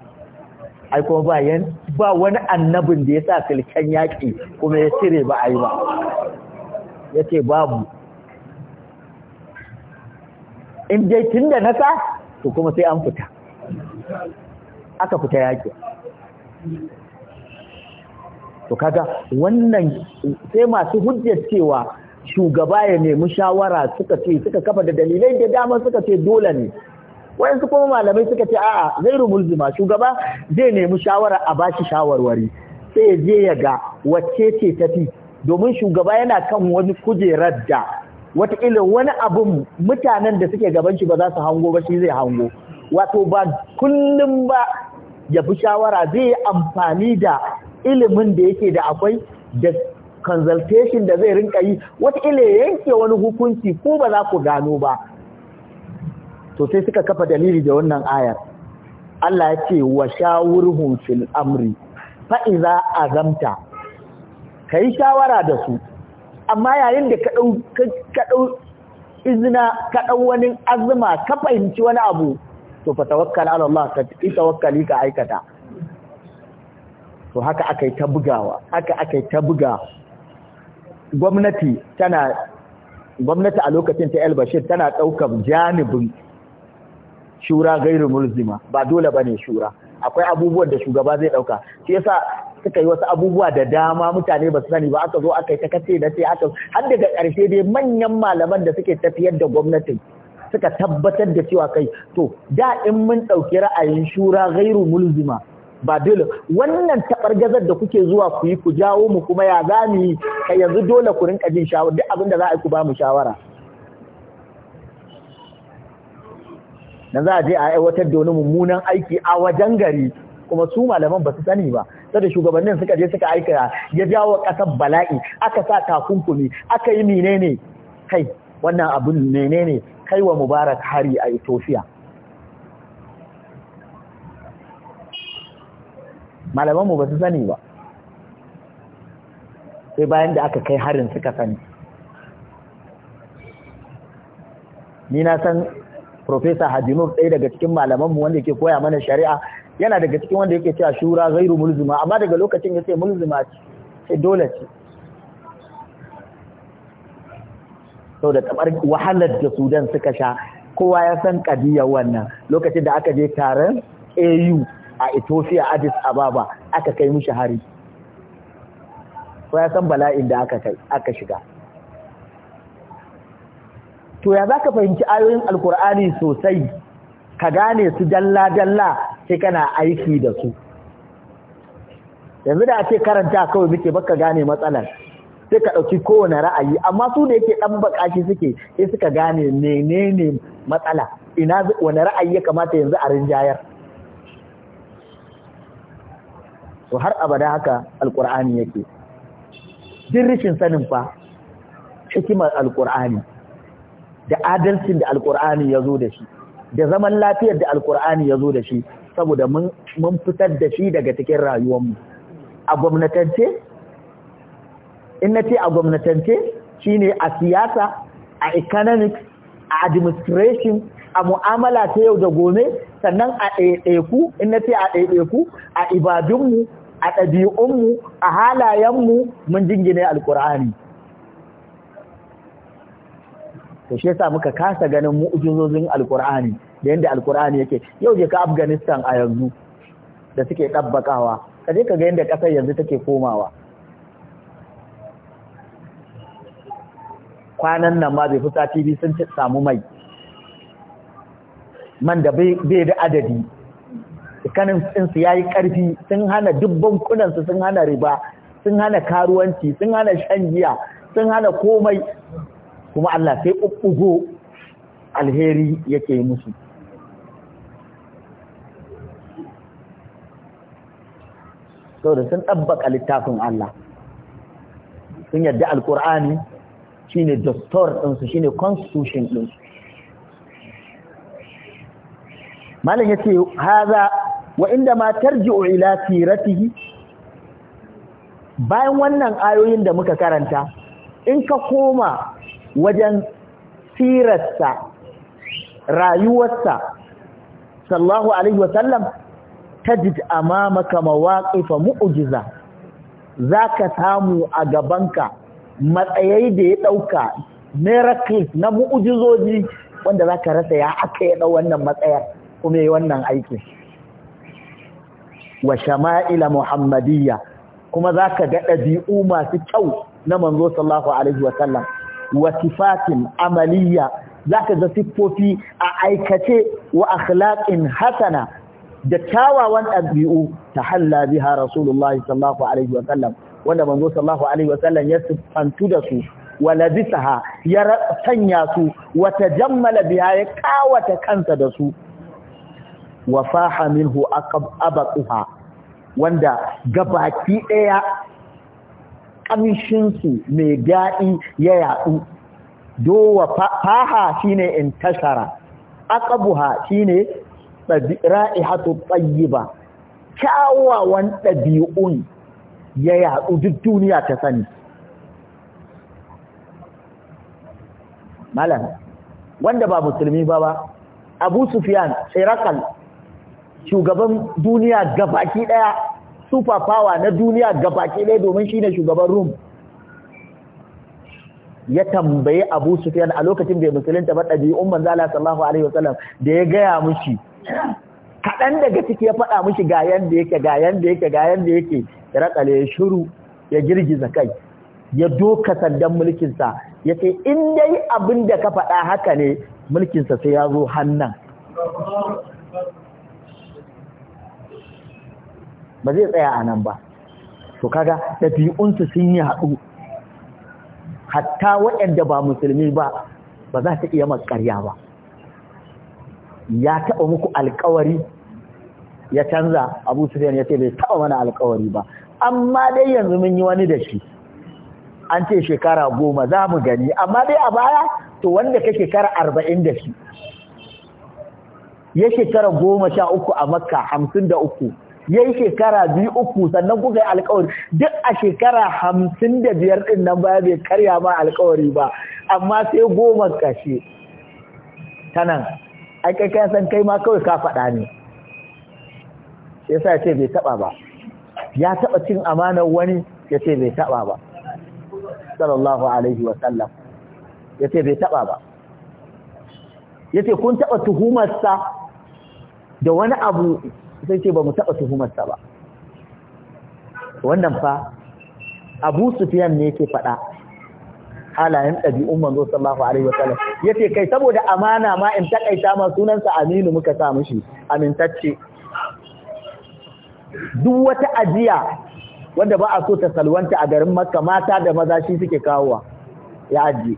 ai ba ba wani annabin da ya sa silken yaƙi kuma ya cire ba a yi ba ya ce babu in dai tun da na sa to kuma sai an fita aka fita yake to kaga wannan sai masu hujjar cewa shugaba ya nemi shawara suka ce suka kafa da dalilai da dama suka ce dole ne wayansu kuma malamai suka ce a'a zairu mulzima shugaba zai nemi shawara a bashi shawarwari sai ya je ya ga wacce ce tafi domin shugaba yana kan wani kujerar da wataƙila wani abun mutanen da suke gaban shi ba za su hango ba shi zai hango wato ba kullum ba ya fi shawara zai yi amfani da ilimin da yake da akwai da consultation da zai rinka yi wataƙila ya yanke wani hukunci ko ba za ku gano ba to sai suka kafa dalili da wannan ayar Allah ya ce wa shawurhum fil amri fa iza azamta kai shawara da su amma yayin da ka ɗau izina ka ɗau wani azuma ka fahimci wani abu to fa tawakkal ala Allah ka yi tawakkali ka aikata to haka aka yi ta bugawa haka aka yi ta buga gwamnati tana gwamnati a lokacin ta El Bashir tana ɗaukar janibin shura gairu mulzima ba dole bane shura akwai abubuwan da shugaba zai ɗauka shi yasa suka yi wasu abubuwa da dama mutane ba su sani ba aka zo aka yi ta kace da sai aka har daga ƙarshe dai manyan malaman da suke tafiyar da gwamnatin suka tabbatar da cewa kai to da in mun ɗauki ra'ayin shura gairu mulzima ba dole wannan taɓargazar da kuke zuwa ku yi ku jawo mu kuma ya za mu ka yanzu dole ku rinka jin shawara duk abin da za a yi ku ba mu shawara Na za a je a aiwatar da wani mummunan aiki a wajen gari kuma su malaman ba su sani ba sai shugabannin suka je suka aika ya jawo kasar bala'i aka sa takunkumi aka yi menene kai wannan abin menene kai wa mubarak hari a Ethiopia malaman mu ba su sani ba sai bayan da aka kai harin suka sani ni na san Profesa Hajinur ɗaya daga cikin malamanmu wanda ke koya mana shari'a yana daga cikin wanda yake cewa shura zairu mulzuma amma daga lokacin ya ce mulzuma ce sai dole ce sau da kamar wahalar da sudan suka sha kowa ya san kadiyar wannan lokacin da aka je taron au a ethiopia addis ababa aka kai mushi hari kowa ya san bala'in da aka kai aka shiga to ya zaka fahimci ayoyin alkur'ani sosai ka gane su dalla-dalla sai kana aiki da su yanzu da ake karanta kawai muke baka gane matsalar sai ka ɗauki kowane ra'ayi amma su da yake ɗan baƙashi suke sai suka gane menene matsala ina wani ra'ayi ya kamata yanzu a rinjayar to har abada haka alƙur'ani yake duk rishin sanin fa hikimar alƙur'ani da adalcin da alƙur'ani ya zo da shi da zaman lafiyar da alkur'ani ya zo da shi saboda mun fitar da shi daga cikin rayuwar a gwamnatance in ce a gwamnatance shine a siyasa a economics a administration a mu'amala ta yau da gobe sannan a ɗaiɗaiku in ce a ɗaiɗaiku a ibadunmu a ɗabi'unmu a halayenmu mun jingine alkur'ani to shi yasa muka kasa ganin mu'jizozin alkur'ani da yanda alkur'ani yake yau je ka afghanistan a yanzu da suke tabbakawa, ka je ka ga yanda kasar yanzu take komawa kwanan nan ma bai fi sati biyu sun samu mai man da bai da adadi kanin tsinsu ya yi ƙarfi sun hana dubban kunansu sun hana riba sun hana karuwanci sun hana shan giya sun hana komai kuma Allah sai ƙuɓɓugo alheri yake musu saboda sun ɗabbaƙa littafin Allah sun yadda alkur'ani shine doctor ɗinsu shine constitution ɗinsu ya ce haza wa inda ma tarji'u ila siratihi bayan wannan ayoyin da muka karanta in ka koma wajen sirarsa rayuwarsa sallahu alaihi wasallam tajid amamaka mu'ujiza mu'jiza zaka samu a gabanka matsayai da ya dauka miracles na mu'ujizoji wanda zaka rasa ya aka ya dau wannan matsayar kuma yi wannan aikin wa shama'ila muhammadiyya kuma zaka ga dabi'u masu kyau na manzo sallallahu alaihi wasallam wa sifatin amaliya zaka ga siffofi a aikace wa akhlaqin Hassana da kyawawan ɗabi'u ta halla biha rasulullahi alaihi wa sallam wanda manzo sallallahu alaihi wa sallam ya siffantu da su wa labisaha ya sanya su wata jammala biya ya kawata kansa da su wa faha minhu aqab wanda ga baki ɗaya. ƙamshinsu mai daɗi ya yaɗu dowa faha shine ne aqabuha shine ra'ihatu ba. kyawawan ɗabi'un ya yaɗu duk duniya ta sani malam wanda ba musulmi ba ba abu sufyan Tsirakal, shugaban duniya gabaki ɗaya super power na duniya ga baki ɗaya domin shine shugaban Rum ya tambaye Abu Sufyan a lokacin musulun musulunta ba ɗabi'un manzo sallallahu alaihi wasallam da ya gaya mushi kaɗan daga ciki ya faɗa mushi ga yanda yake ga yanda yake ga yanda yake ya rakale shiru ya girgiza kai ya doka sandan mulkinsa ya ce in dai abin da ka faɗa haka ne mulkin sa sai ya zo hannan ba zai tsaya a nan ba to kaga ɗabi'unsu sun yi haɗu hatta waɗanda ba musulmi ba ba za ta iya makarya ba ya taɓa muku alkawari ya canza abu sufiyan ya ce bai taɓa mana alkawari ba amma dai yanzu mun yi wani da shi an ce shekara goma za mu gani amma dai a baya to wanda ka shekara arba'in da shi ya shekara goma sha uku a makka hamsin da uku Ya yi shekara biyu uku sannan kuka yi alkawari duk a shekara hamsin da biyar ɗin nan baya bai karya ma alkawari ba amma sai goma kashe ta nan ai kai kai san kai ma kawai ka faɗa ne shi yasa ce bai taɓa ba ya taɓa cin amanar wani ya ce bai taɓa ba sallallahu alaihi wa sallam ya ce bai taɓa ba ya ce kun taɓa tuhumarsa da wani abu sai ce ba mu taɓa tuhumarsa ba wannan fa abu sufiyan ne yake faɗa halayen ɗabi'un manzo sallallahu alaihi wasallam yace kai saboda amana ma in takaita ma sunansa aminu muka sa mishi amintacce duk wata ajiya wanda ba a so ta salwanta a garin makka mata da maza shi suke kawowa ya ajiye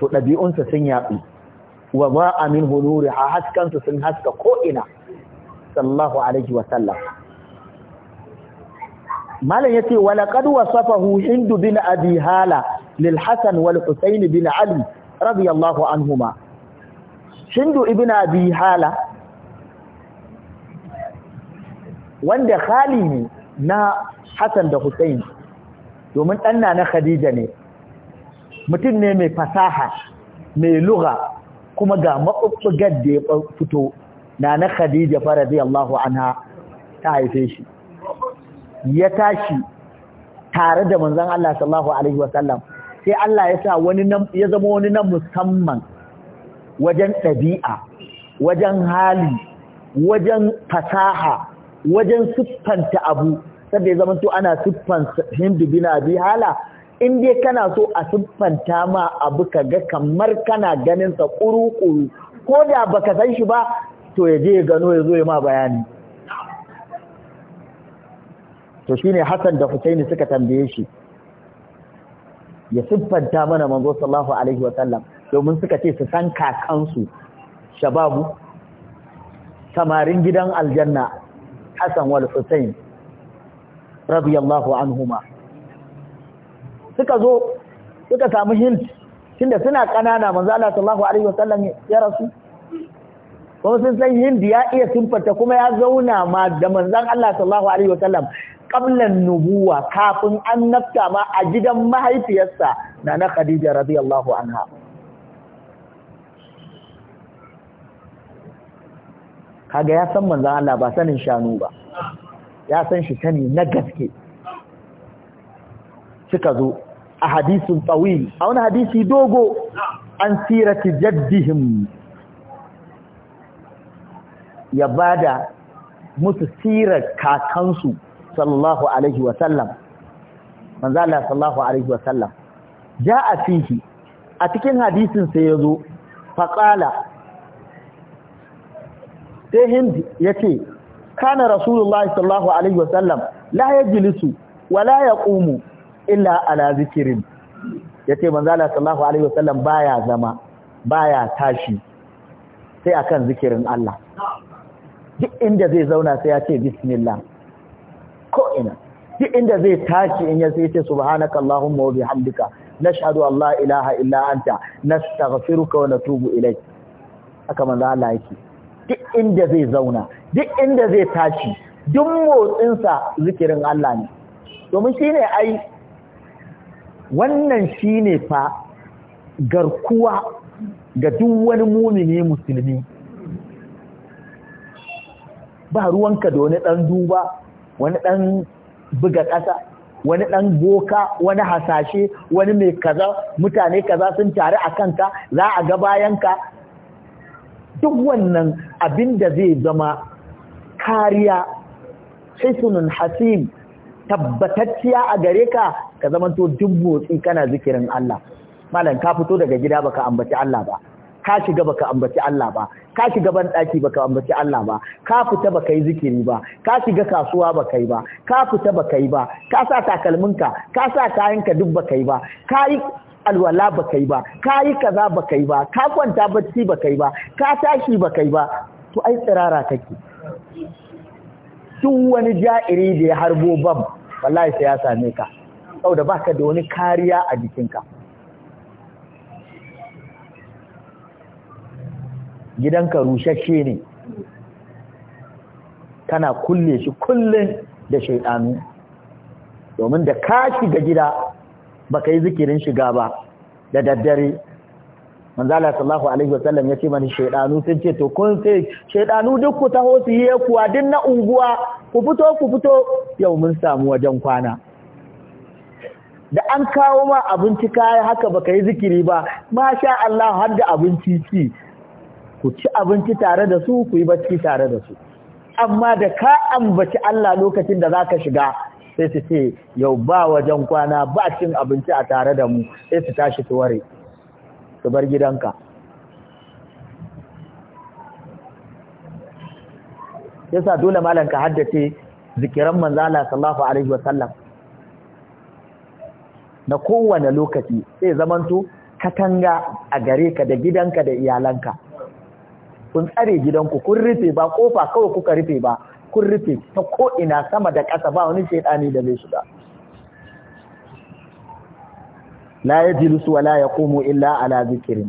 to ɗabi'unsa sun yaɓi wa ba a min hunuri a haskansu sun haska ko'ina sallahu alaihi wasallam malam ya ce walaƙad wasafahu hindu bin abi hala lil hasan wal husain bin ali radiyallahu anhuma hindu ibn abi hala wanda khali ne na hasan da husain domin ɗanna na khadija ne mutum ne mai fasaha mai lura kuma ga maɓuɓɓugar da ya fito na na khadija fa radiyallahu anha ta haife shi ya tashi tare da manzan Allah sallahu alaihi wasallam sai Allah ya sa zama wani na musamman wajen ɗabi'a wajen hali wajen fasaha wajen siffanta abu sanda ya zama to ana siffan hindu bin bi hala in dai kana so a siffanta ma abu ka ga kamar kana ganin sa kuru-kuru ko da baka san shi ba to ya je ya gano ya zo ya ma bayani to shine Hassan da Husaini suka tambaye shi ya siffanta mana manzo sallallahu alaihi wa sallam domin suka ce su san kakansu shababu samarin gidan aljanna Hassan wal Husain radiyallahu anhuma suka zo suka samu hint tunda suna kanana manzo Allah sallallahu alaihi wasallam ya rasu kuma sun san hint ya iya sunfata kuma ya zauna ma da manzon Allah sallallahu alaihi wasallam qablan nubuwa kafin an nafta ma a gidan mahaifiyarsa nana Khadija radiyallahu anha kaga ya san manzon Allah ba sanin shanu ba ya san shi sani na gaske suka zo a hadisin tsawil a wani hadisi dogo an sirati jaddihim ya da musu sirar kakansu sallallahu alaihi wasallam manzo Allah sallallahu alaihi wasallam jaa fihi a cikin hadisin sai yazo faqala sai ya yace kana rasulullahi sallallahu alaihi wasallam la yajlisu wa la yaqumu illa ala zikirin yace manzo Allah sallallahu alaihi wasallam baya zama baya tashi sai akan zikirin Allah duk inda zai zauna sai ya ce bismillah ko ina duk inda zai tashi in ya sai ce subhanaka allahumma wa bihamdika nashhadu an la ilaha illa anta nastaghfiruka wa natubu ilayk haka manzo Allah yake duk inda zai zauna duk inda zai tashi duk motsinsa zikirin Allah ne domin shine ai wannan shi ne fa garkuwa ga duk wani mumini musulmi ba ruwanka da wani ɗan duba wani ɗan buga ƙasa wani ɗan boka wani hasashe wani mai kaza mutane kaza sun tare a kanka za a ga bayanka duk wannan abin da zai zama kariya hisunun hasim tabbatacciya a gare ka ka zamanto duk motsi kana zikirin Allah malam ka fito daga gida baka ambaci Allah ba ka shiga baka ambaci Allah ba ka shiga ban daki baka ambaci Allah ba ka fita baka yi zikiri ba ka shiga kasuwa baka yi ba ka fita baka yi ba ka sa takalminka ka sa kayanka duk baka yi ba ka yi alwala baka yi ba ka yi kaza baka yi ba ka kwanta bacci baka yi ba ka tashi baka yi ba to ai tsirara kake duk wani ja'iri da ya harbo bam wallahi sai ya same ka saboda baka da wani kariya a jikinka gidanka rushashe ne kana kulle shi kullun da shaidanu domin da ka shiga gida baka yi zikirin shiga ba da daddare manzala sallahu alaihi wasallam yace mani shaydanu sun ce to kun sai shaiɗanu duk ku taho su yi kuwa din na unguwa ku fito ku fito yau mun samu wajen kwana da an kawo ma abinci kai haka baka yi zikiri ba masha Allah har da abinci ci ku ci abinci tare da su ku yi bacci tare da su amma da ka ambaci Allah lokacin da zaka shiga sai su ce yau ba wajen kwana ba cin abinci a tare da mu sai su tashi su su bar gidanka yasa dole malam ka haddace zikiran manzo Allah sallallahu alaihi sallam na kowane lokaci sai zamanto katanga a gare ka da gidanka da iyalanka kun tsare gidanku kun rufe ba kofa kawai kuka rufe ba kun rufe ta ko ina sama da ƙasa ba wani ni da zai shiga la yajlisu wa la yaqumu illa ala zikrin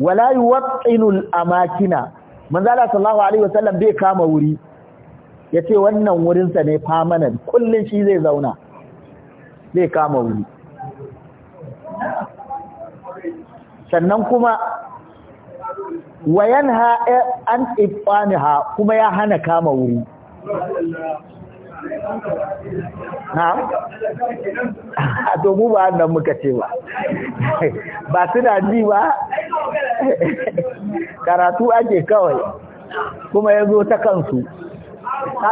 wala yuwaqqinu al-amakina manzo Allah sallallahu alaihi wasallam bai kama wuri yace wannan wurinsa ne permanent kullun shi zai zauna bai kama wuri sannan kuma wayanha an ibaniha kuma ya hana kama wuri A (laughs) to mu ba nan muka ce ba (laughs) ba suna ji ba (laughs) karatu ake kawai kuma ya zo ta kansu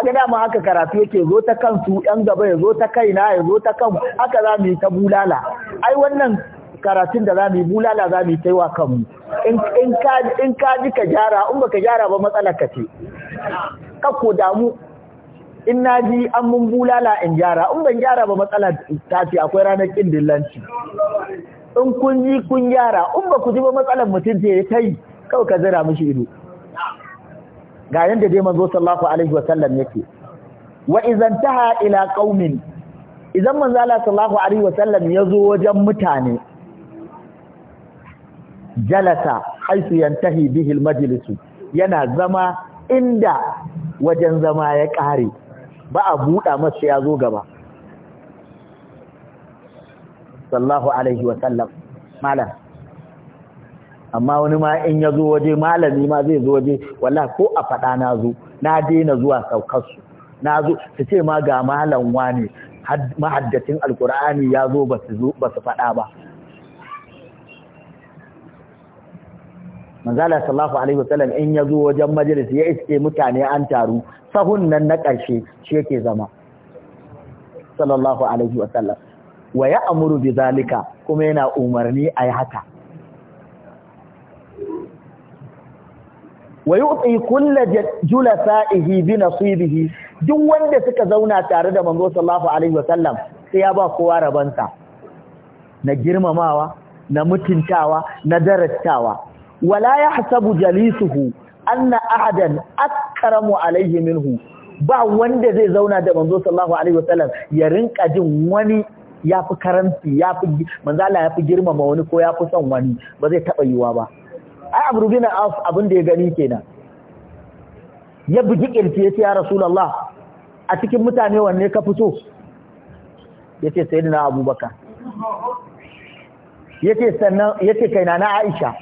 ga dama haka karatu yake zo ta kansu yan gaba ya zo ta kaina ya zo ta kan haka za mu yi ta bulala ai wannan karatun da za mu yi bulala za mu yi ta wa kanmu in ka ji ka gyara in ba ka gyara ba matsalar ka ce kakko damu in na ji an mun bulala in gyara in ban gyara ba matsala ta ce akwai ranar kin dillanci in kun yi kun gyara in ba ku ji ba matsalar mutum ce ya kai kawai ka zira mishi ido ga yanda dai manzo sallallahu alaihi wa sallam yake wa idan taha ila qaumin idan manzo sallallahu alaihi wa sallam ya zo wajen mutane jalasa haisu yantahi bihi almajlisu yana zama inda wajen zama ya ƙare ba a buɗa masa ya zo gaba Sallahu alaihi wa sallam malam amma wani ma in ya zo waje malami ma zai zo waje wallahi ko a faɗa na zo na daina zuwa saukarsu. su na zo su ce ma ga malam wani mahaddacin alkur'ani ya zo ba su faɗa ba manzala sallallahu alaihi wasallam in ya zo wajen majalisi ya iske mutane an taru sahun nan na ƙarshe shi yake zama sallallahu alaihi wasallam wa ya bi zalika kuma yana umarni a yi haka wa yu'ti kullu julasa'ihi bi nasibihi duk wanda suka zauna tare da manzo sallallahu alaihi wasallam sai ya ba kowa rabansa na girmamawa na mutuntawa na darattawa wala ya hasabu jalisuhu anna ahadan akramu alayhi minhu ba wanda zai zauna da manzo sallallahu alaihi wasallam ya rinka jin wani yafi karanti yafi manzo Allah yafi girmama wani ko yafi son wani ba zai taba yiwa ba ai Abu Rubina af abin da ya gani kenan ya bugi kirki yace ya Rasulullah a cikin mutane wanne ka fito yace sayyidina Abubakar yace sannan yace kaina na Aisha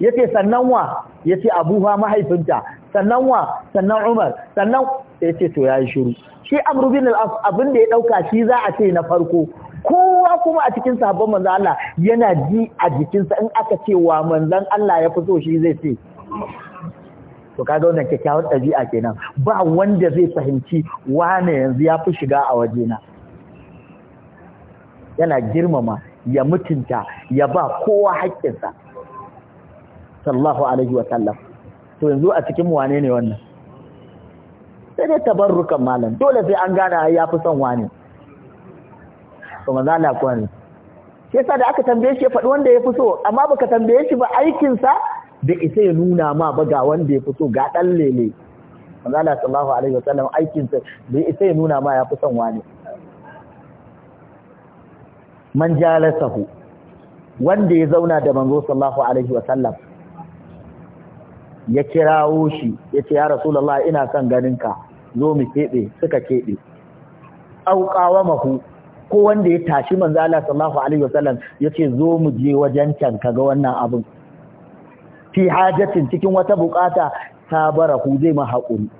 yace sannan wa yace abuha mahaifinta sannan wa sannan Umar sannan yace to yayi shiru shi amru bin al-As abin da ya dauka shi za a ce na farko kowa kuma a cikin sahabban manzon Allah yana ji a jikinsa in aka ce wa manzon Allah ya fi so shi zai ce to kaga wannan kyakkyawar ɗabi'a kenan ba wanda zai fahimci wane yanzu ya fi shiga a waje na. yana girmama ya mutunta ya ba kowa haƙƙinsa sallallahu alaihi wa sallam to yanzu a cikin wane ne wannan sai dai tabarrukan malam dole sai an gane ya fi son wane to manzo Allah kuwa ne shi yasa da aka tambaye shi faɗi wanda ya fi so amma baka tambaye shi ba aikin sa da isa ya nuna ma ba ga wanda ya fi so ga dan lele manzo Allah sallallahu alaihi wa sallam aikin sa da isa ya nuna ma ya fi son wane man jalasahu wanda ya zauna da manzo sallallahu alaihi wa sallam ya kirawo shi ya ce ya rasulullah ina son ganinka zo mu keɓe suka keɓe auƙawa mahu ko wanda ya tashi manzo Allah sallallahu alaihi wasallam yace zo mu je wajen can kaga wannan abin fi hajatin cikin wata bukata sabara ku zai ma haƙuri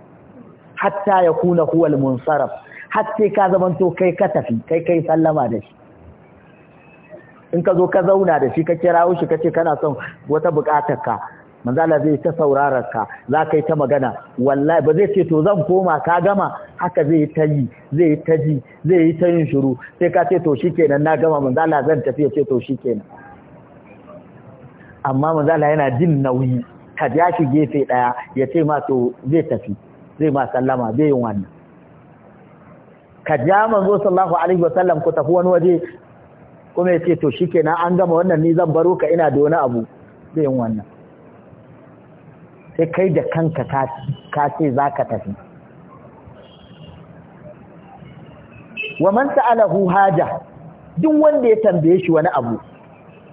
hatta ya kuna huwal munsaraf hatta ka to kai ka tafi kai kai sallama da shi in ka zo ka zauna da shi ka kirawo shi kace kana son wata bukatar ka manzo Allah zai ta saurarar ka za ka yi ta magana wallahi ba zai ce to zan koma ka gama haka zai ta yi zai ta ji zai yi ta yin shiru sai ka ce to shikenan na gama manzo Allah zan tafi ya ce to shikenan amma manzo Allah yana jin nauyi ka ja shi gefe daya ya ce ma to zai tafi zai ma sallama zai yi wannan ka ja manzo sallallahu alaihi wasallam ku tafi wani waje kuma ya ce to shikenan an gama wannan ni zan baro ka ina da wani abu zai yi wannan sai kai da kanka ka ce za ka tafi wa man sa'alahu haja duk wanda ya tambaye shi wani abu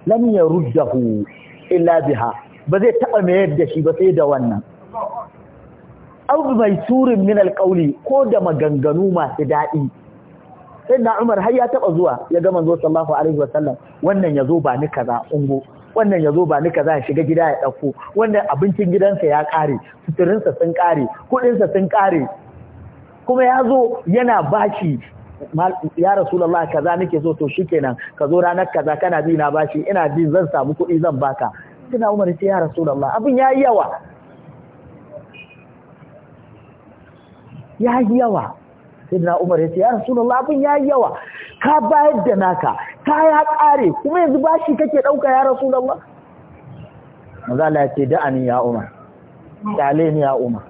lam yaruddahu illa biha ba zai taba mayar da shi ba sai da wannan aw mai turin min alqawli ko da maganganu masu dadi sai na Umar har ya taɓa zuwa ya ga manzo sallallahu alaihi wasallam wannan yazo ba ni kaza ungo wannan ya zo ba ni kaza ya shiga gida ya ɗauko wannan abincin gidansa ya ƙare suturinsa sun ƙare kuɗinsa sun ƙare kuma ya zo yana bashi ya rasulullah kaza nake so to shikenan ka zo ranar kaza kana bi na bashi ina bi zan samu kuɗi zan baka suna umar ce ya rasulullah abin ya yi yawa ya yi yawa sai na umar ya ce ya rasulullah abin ya yi yawa ka bayar da naka Kaya ya ƙare kuma yanzu bashi kake ɗauka ya rasu da Allah? Mazala ya ce da'ani ya umar, ƙyale ni ya umar.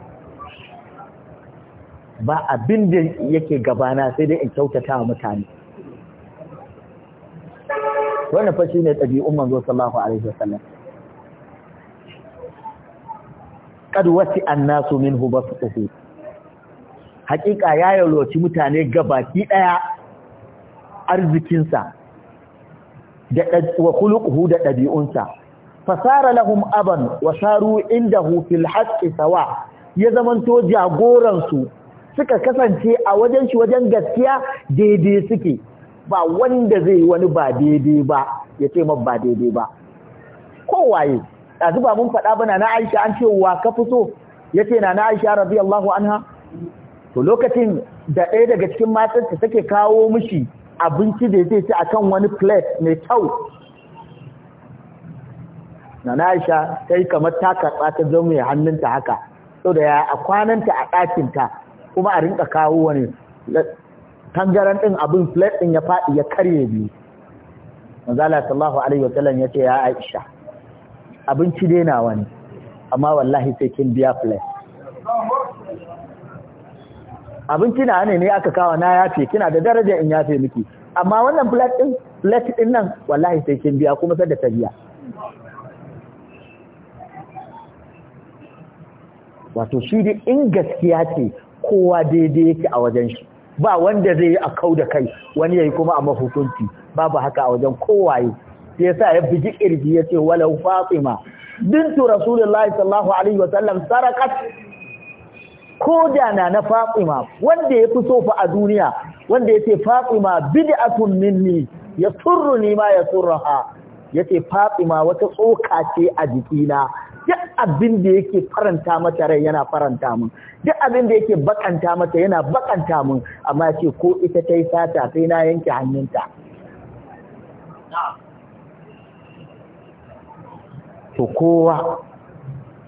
Ba abin da yake gabana sai dai in kyautata wa mutane. Wannan fa shi ne ɗabi'un manzo sallahu Alaihi wasallam. Kad wasi an nasu min hu ba su Hakika ya yalwaci mutane gabaki ɗaya arzikinsa da wa khuluquhu da dabi'unsa fasara lahum aban wa saru indahu fil haqqi sawa ya zamanto jagoran su suka kasance a wajen shi wajen gaskiya daidai suke ba wanda zai wani ba daidai ba ya ce ba daidai ba kowaye ɗazu ba mun faɗa bana na Aisha an ce wa ka fito ya na na Aisha radiyallahu anha to lokacin da ɗaya daga cikin matarsa take kawo mishi abinci da zai ci kan wani plate mai kyau na Aisha sai kamar ta karɓa ta zama mai hannunta haka da ya a kwananta a ɗakinta kuma a rinka kawo wani tangaran ɗin abin plate ɗin ya faɗi ya karye biyu manzala sallallahu alaihi sallam ya ce ya Aisha abinci dai na wani amma wallahi sai kin biya plate abinci na ne ne aka kawo na yafe kina da daraja in yafe miki amma wannan flat din flat din nan wallahi sai kin biya kuma sai da ta biya wato shi dai in gaskiya ce kowa daidai yake a wajen shi ba wanda zai yi a kau da kai wani yayi kuma a mahukunci babu haka a wajen kowaye sai yasa ya bigi kirji yace walau fatima bintu rasulullahi sallallahu alaihi wasallam sarakat ko da na na Fatima wanda ya fi so a duniya wanda ya yace Fatima bid'atun minni yasurruni ma ya ce Fatima wata tsoka ce a jikina duk abin da yake faranta mata rai yana faranta min duk abin da yake bakanta mata yana bakanta min amma ce ko ita yi sata sai na yanke hannunta to kowa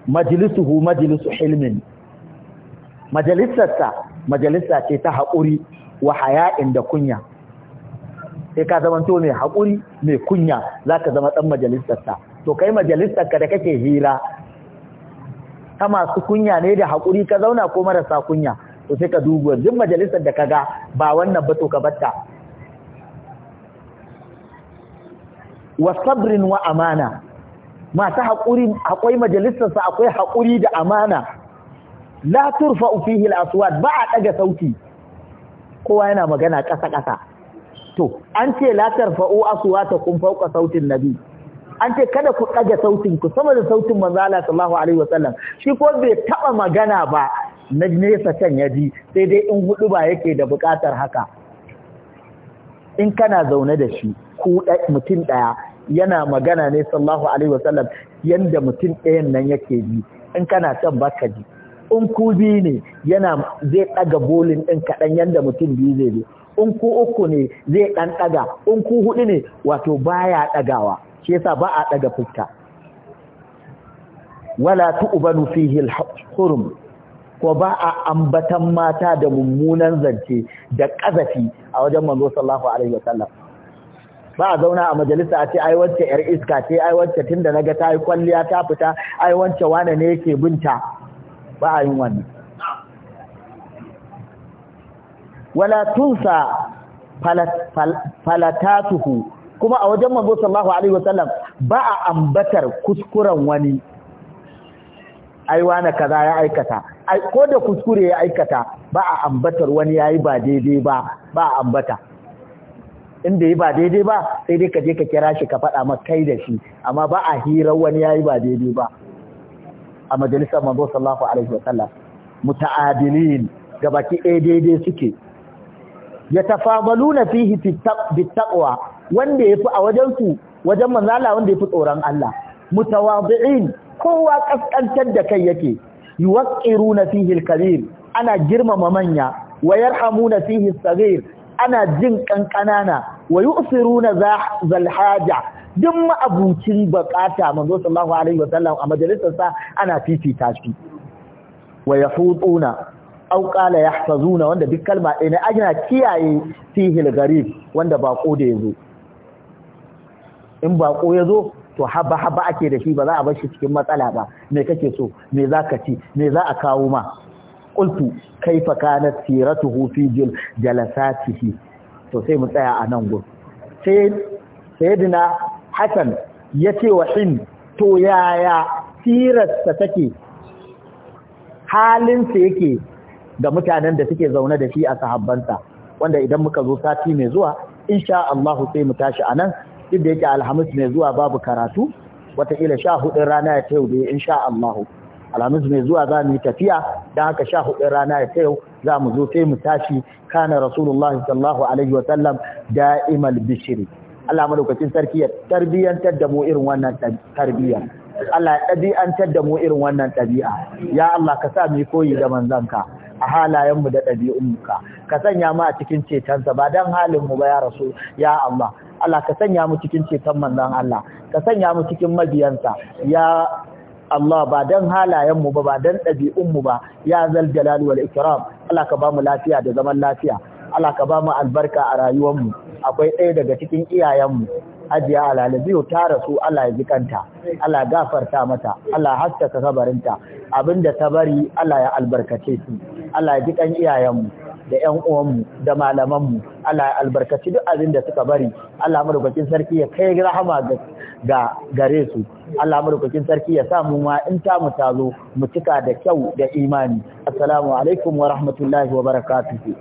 majlisuhu majlisu hilmin majalisarsa majalisa ce ta haƙuri wa haya'in da kunya sai ka zama to mai haƙuri mai kunya za ka zama ɗan majalisarsa to kai majalisarka da kake hira ta masu kunya ne da haƙuri ka zauna ko marasa kunya to sai ka duba duk majalisar da ka ga ba wannan ba to ka batta wa sabrin wa amana masu haƙuri akwai majalisarsa akwai haƙuri da amana la turfa fihi al-aswat ba a daga sauti kowa yana magana ƙasa ƙasa to an ce la tarfa'u kun fauka sautin nabi an ce kada ku daga sautin ku sama da sautin manzo Allah sallallahu alaihi wasallam shi ko bai taba magana ba na nesa can ya ji sai dai in hudu ba yake da buƙatar haka in kana zaune da shi ku mutum daya yana magana ne sallallahu alaihi wasallam yanda mutum ɗayan nan yake ji in kana can baka ji in ku biyu ne yana zai ɗaga bolin ɗin kaɗan yadda mutum biyu zai zo in ku uku ne zai ɗan ɗaga in ku huɗu ne wato baya ɗagawa shi yasa ba a ɗaga fuska wala tu'banu fihi al-hurum ko ba a ambatan mata da mummunan zance da ƙazafi a wajen manzo sallallahu alaihi wasallam ba a zauna a majalisa a ce ai wacce yar iska ce ai wacce tunda naga ta yi kwalliya ta fita ai wacce wane ne yake binta ba a yin wannan wala tunsa falatatuhu kuma a wajen manzo sallallahu alaihi wasallam ba a ambatar kuskuren wani ai na kaza ya aikata ai ko da kuskure ya aikata ba a ambatar wani yayi ba daidai ba ba a ambata inda yi ba daidai ba sai dai ka je ka kira shi ka faɗa maka kai da shi amma ba a hirar wani yayi ba daidai ba a majalisar manzo sallallahu alaihi wasallam muta'adilin gabaki ɗaya daidai suke ya tafabaluna fihi bittaqwa wanda yafi a wajen su wajen manzala wanda yafi tsoron Allah mutawadi'in kowa kaskantar da kai yake yuqiruna fihi al-kabir ana girmama manya wa yarhamuna fihi as ana jin kankanana wa yu'siruna zal duk ma'abucin bukata manzo sallallahu alaihi wasallam a majalisarsa ana fifita shi wa yahuduna aw qala yahfazuna wanda duk kalma ɗaya ne ajina kiyaye fihil garib wanda bako da yazo in bako yazo to haba haba ake da shi ba za a bar shi cikin matsala ba me kake so me zaka ci me za a kawo ma qultu kaifa kanat siratuhu fi jalasatihi to sai mu tsaya a nan gurin sai sayyidina Hassan ya ce wa Hind to yaya sirarsa take halinsa yake ga mutanen da suke zaune da shi a sahabbansa wanda idan muka zo sati mai zuwa insha Allah sai mu tashi a nan duk da yake alhamis mai zuwa babu karatu wataƙila sha hudun rana ya tayo da insha Allah alhamis mai zuwa za mu yi tafiya don haka sha hudun rana ya tayo za mu zo sai mu tashi kana rasulullahi sallallahu alaihi wa sallam da'imal bishiri Allah madaukakin sarki ya tarbiyantar da mu irin wannan tarbiya Allah ya ɗabi'antar da mu irin wannan ɗabi'a ya Allah ka sa mu koyi da manzanka a halayenmu da ɗabi'unka ka sanya mu a cikin cetonsa ba dan halin mu ba ya rasu ya Allah Allah ka sanya mu cikin ceton manzan Allah ka sanya mu cikin mabiyansa ya Allah ba dan halayenmu ba ba dan ɗabi'unmu ba ya zal jalal wal ikram Allah ka ba mu lafiya da zaman lafiya Allah ka ba mu albarka a rayuwarmu akwai ɗaya daga cikin iyayenmu ajiya alalaziyu ta rasu Allah ya jikanta Allah gafarta mata Allah ka kabarinta abinda ta bari Allah ya albarkace su Allah ya jikan iyayenmu da ƴan uwanmu da malamanmu Allah ya albarkaci duk abin da suka bari Allah madaukakin sarki ya kai rahama ga gare su Allah madaukakin sarki ya sa mu ma in ta mu tazo mu cika da kyau da imani assalamu alaikum wa rahmatullahi wa barakatuh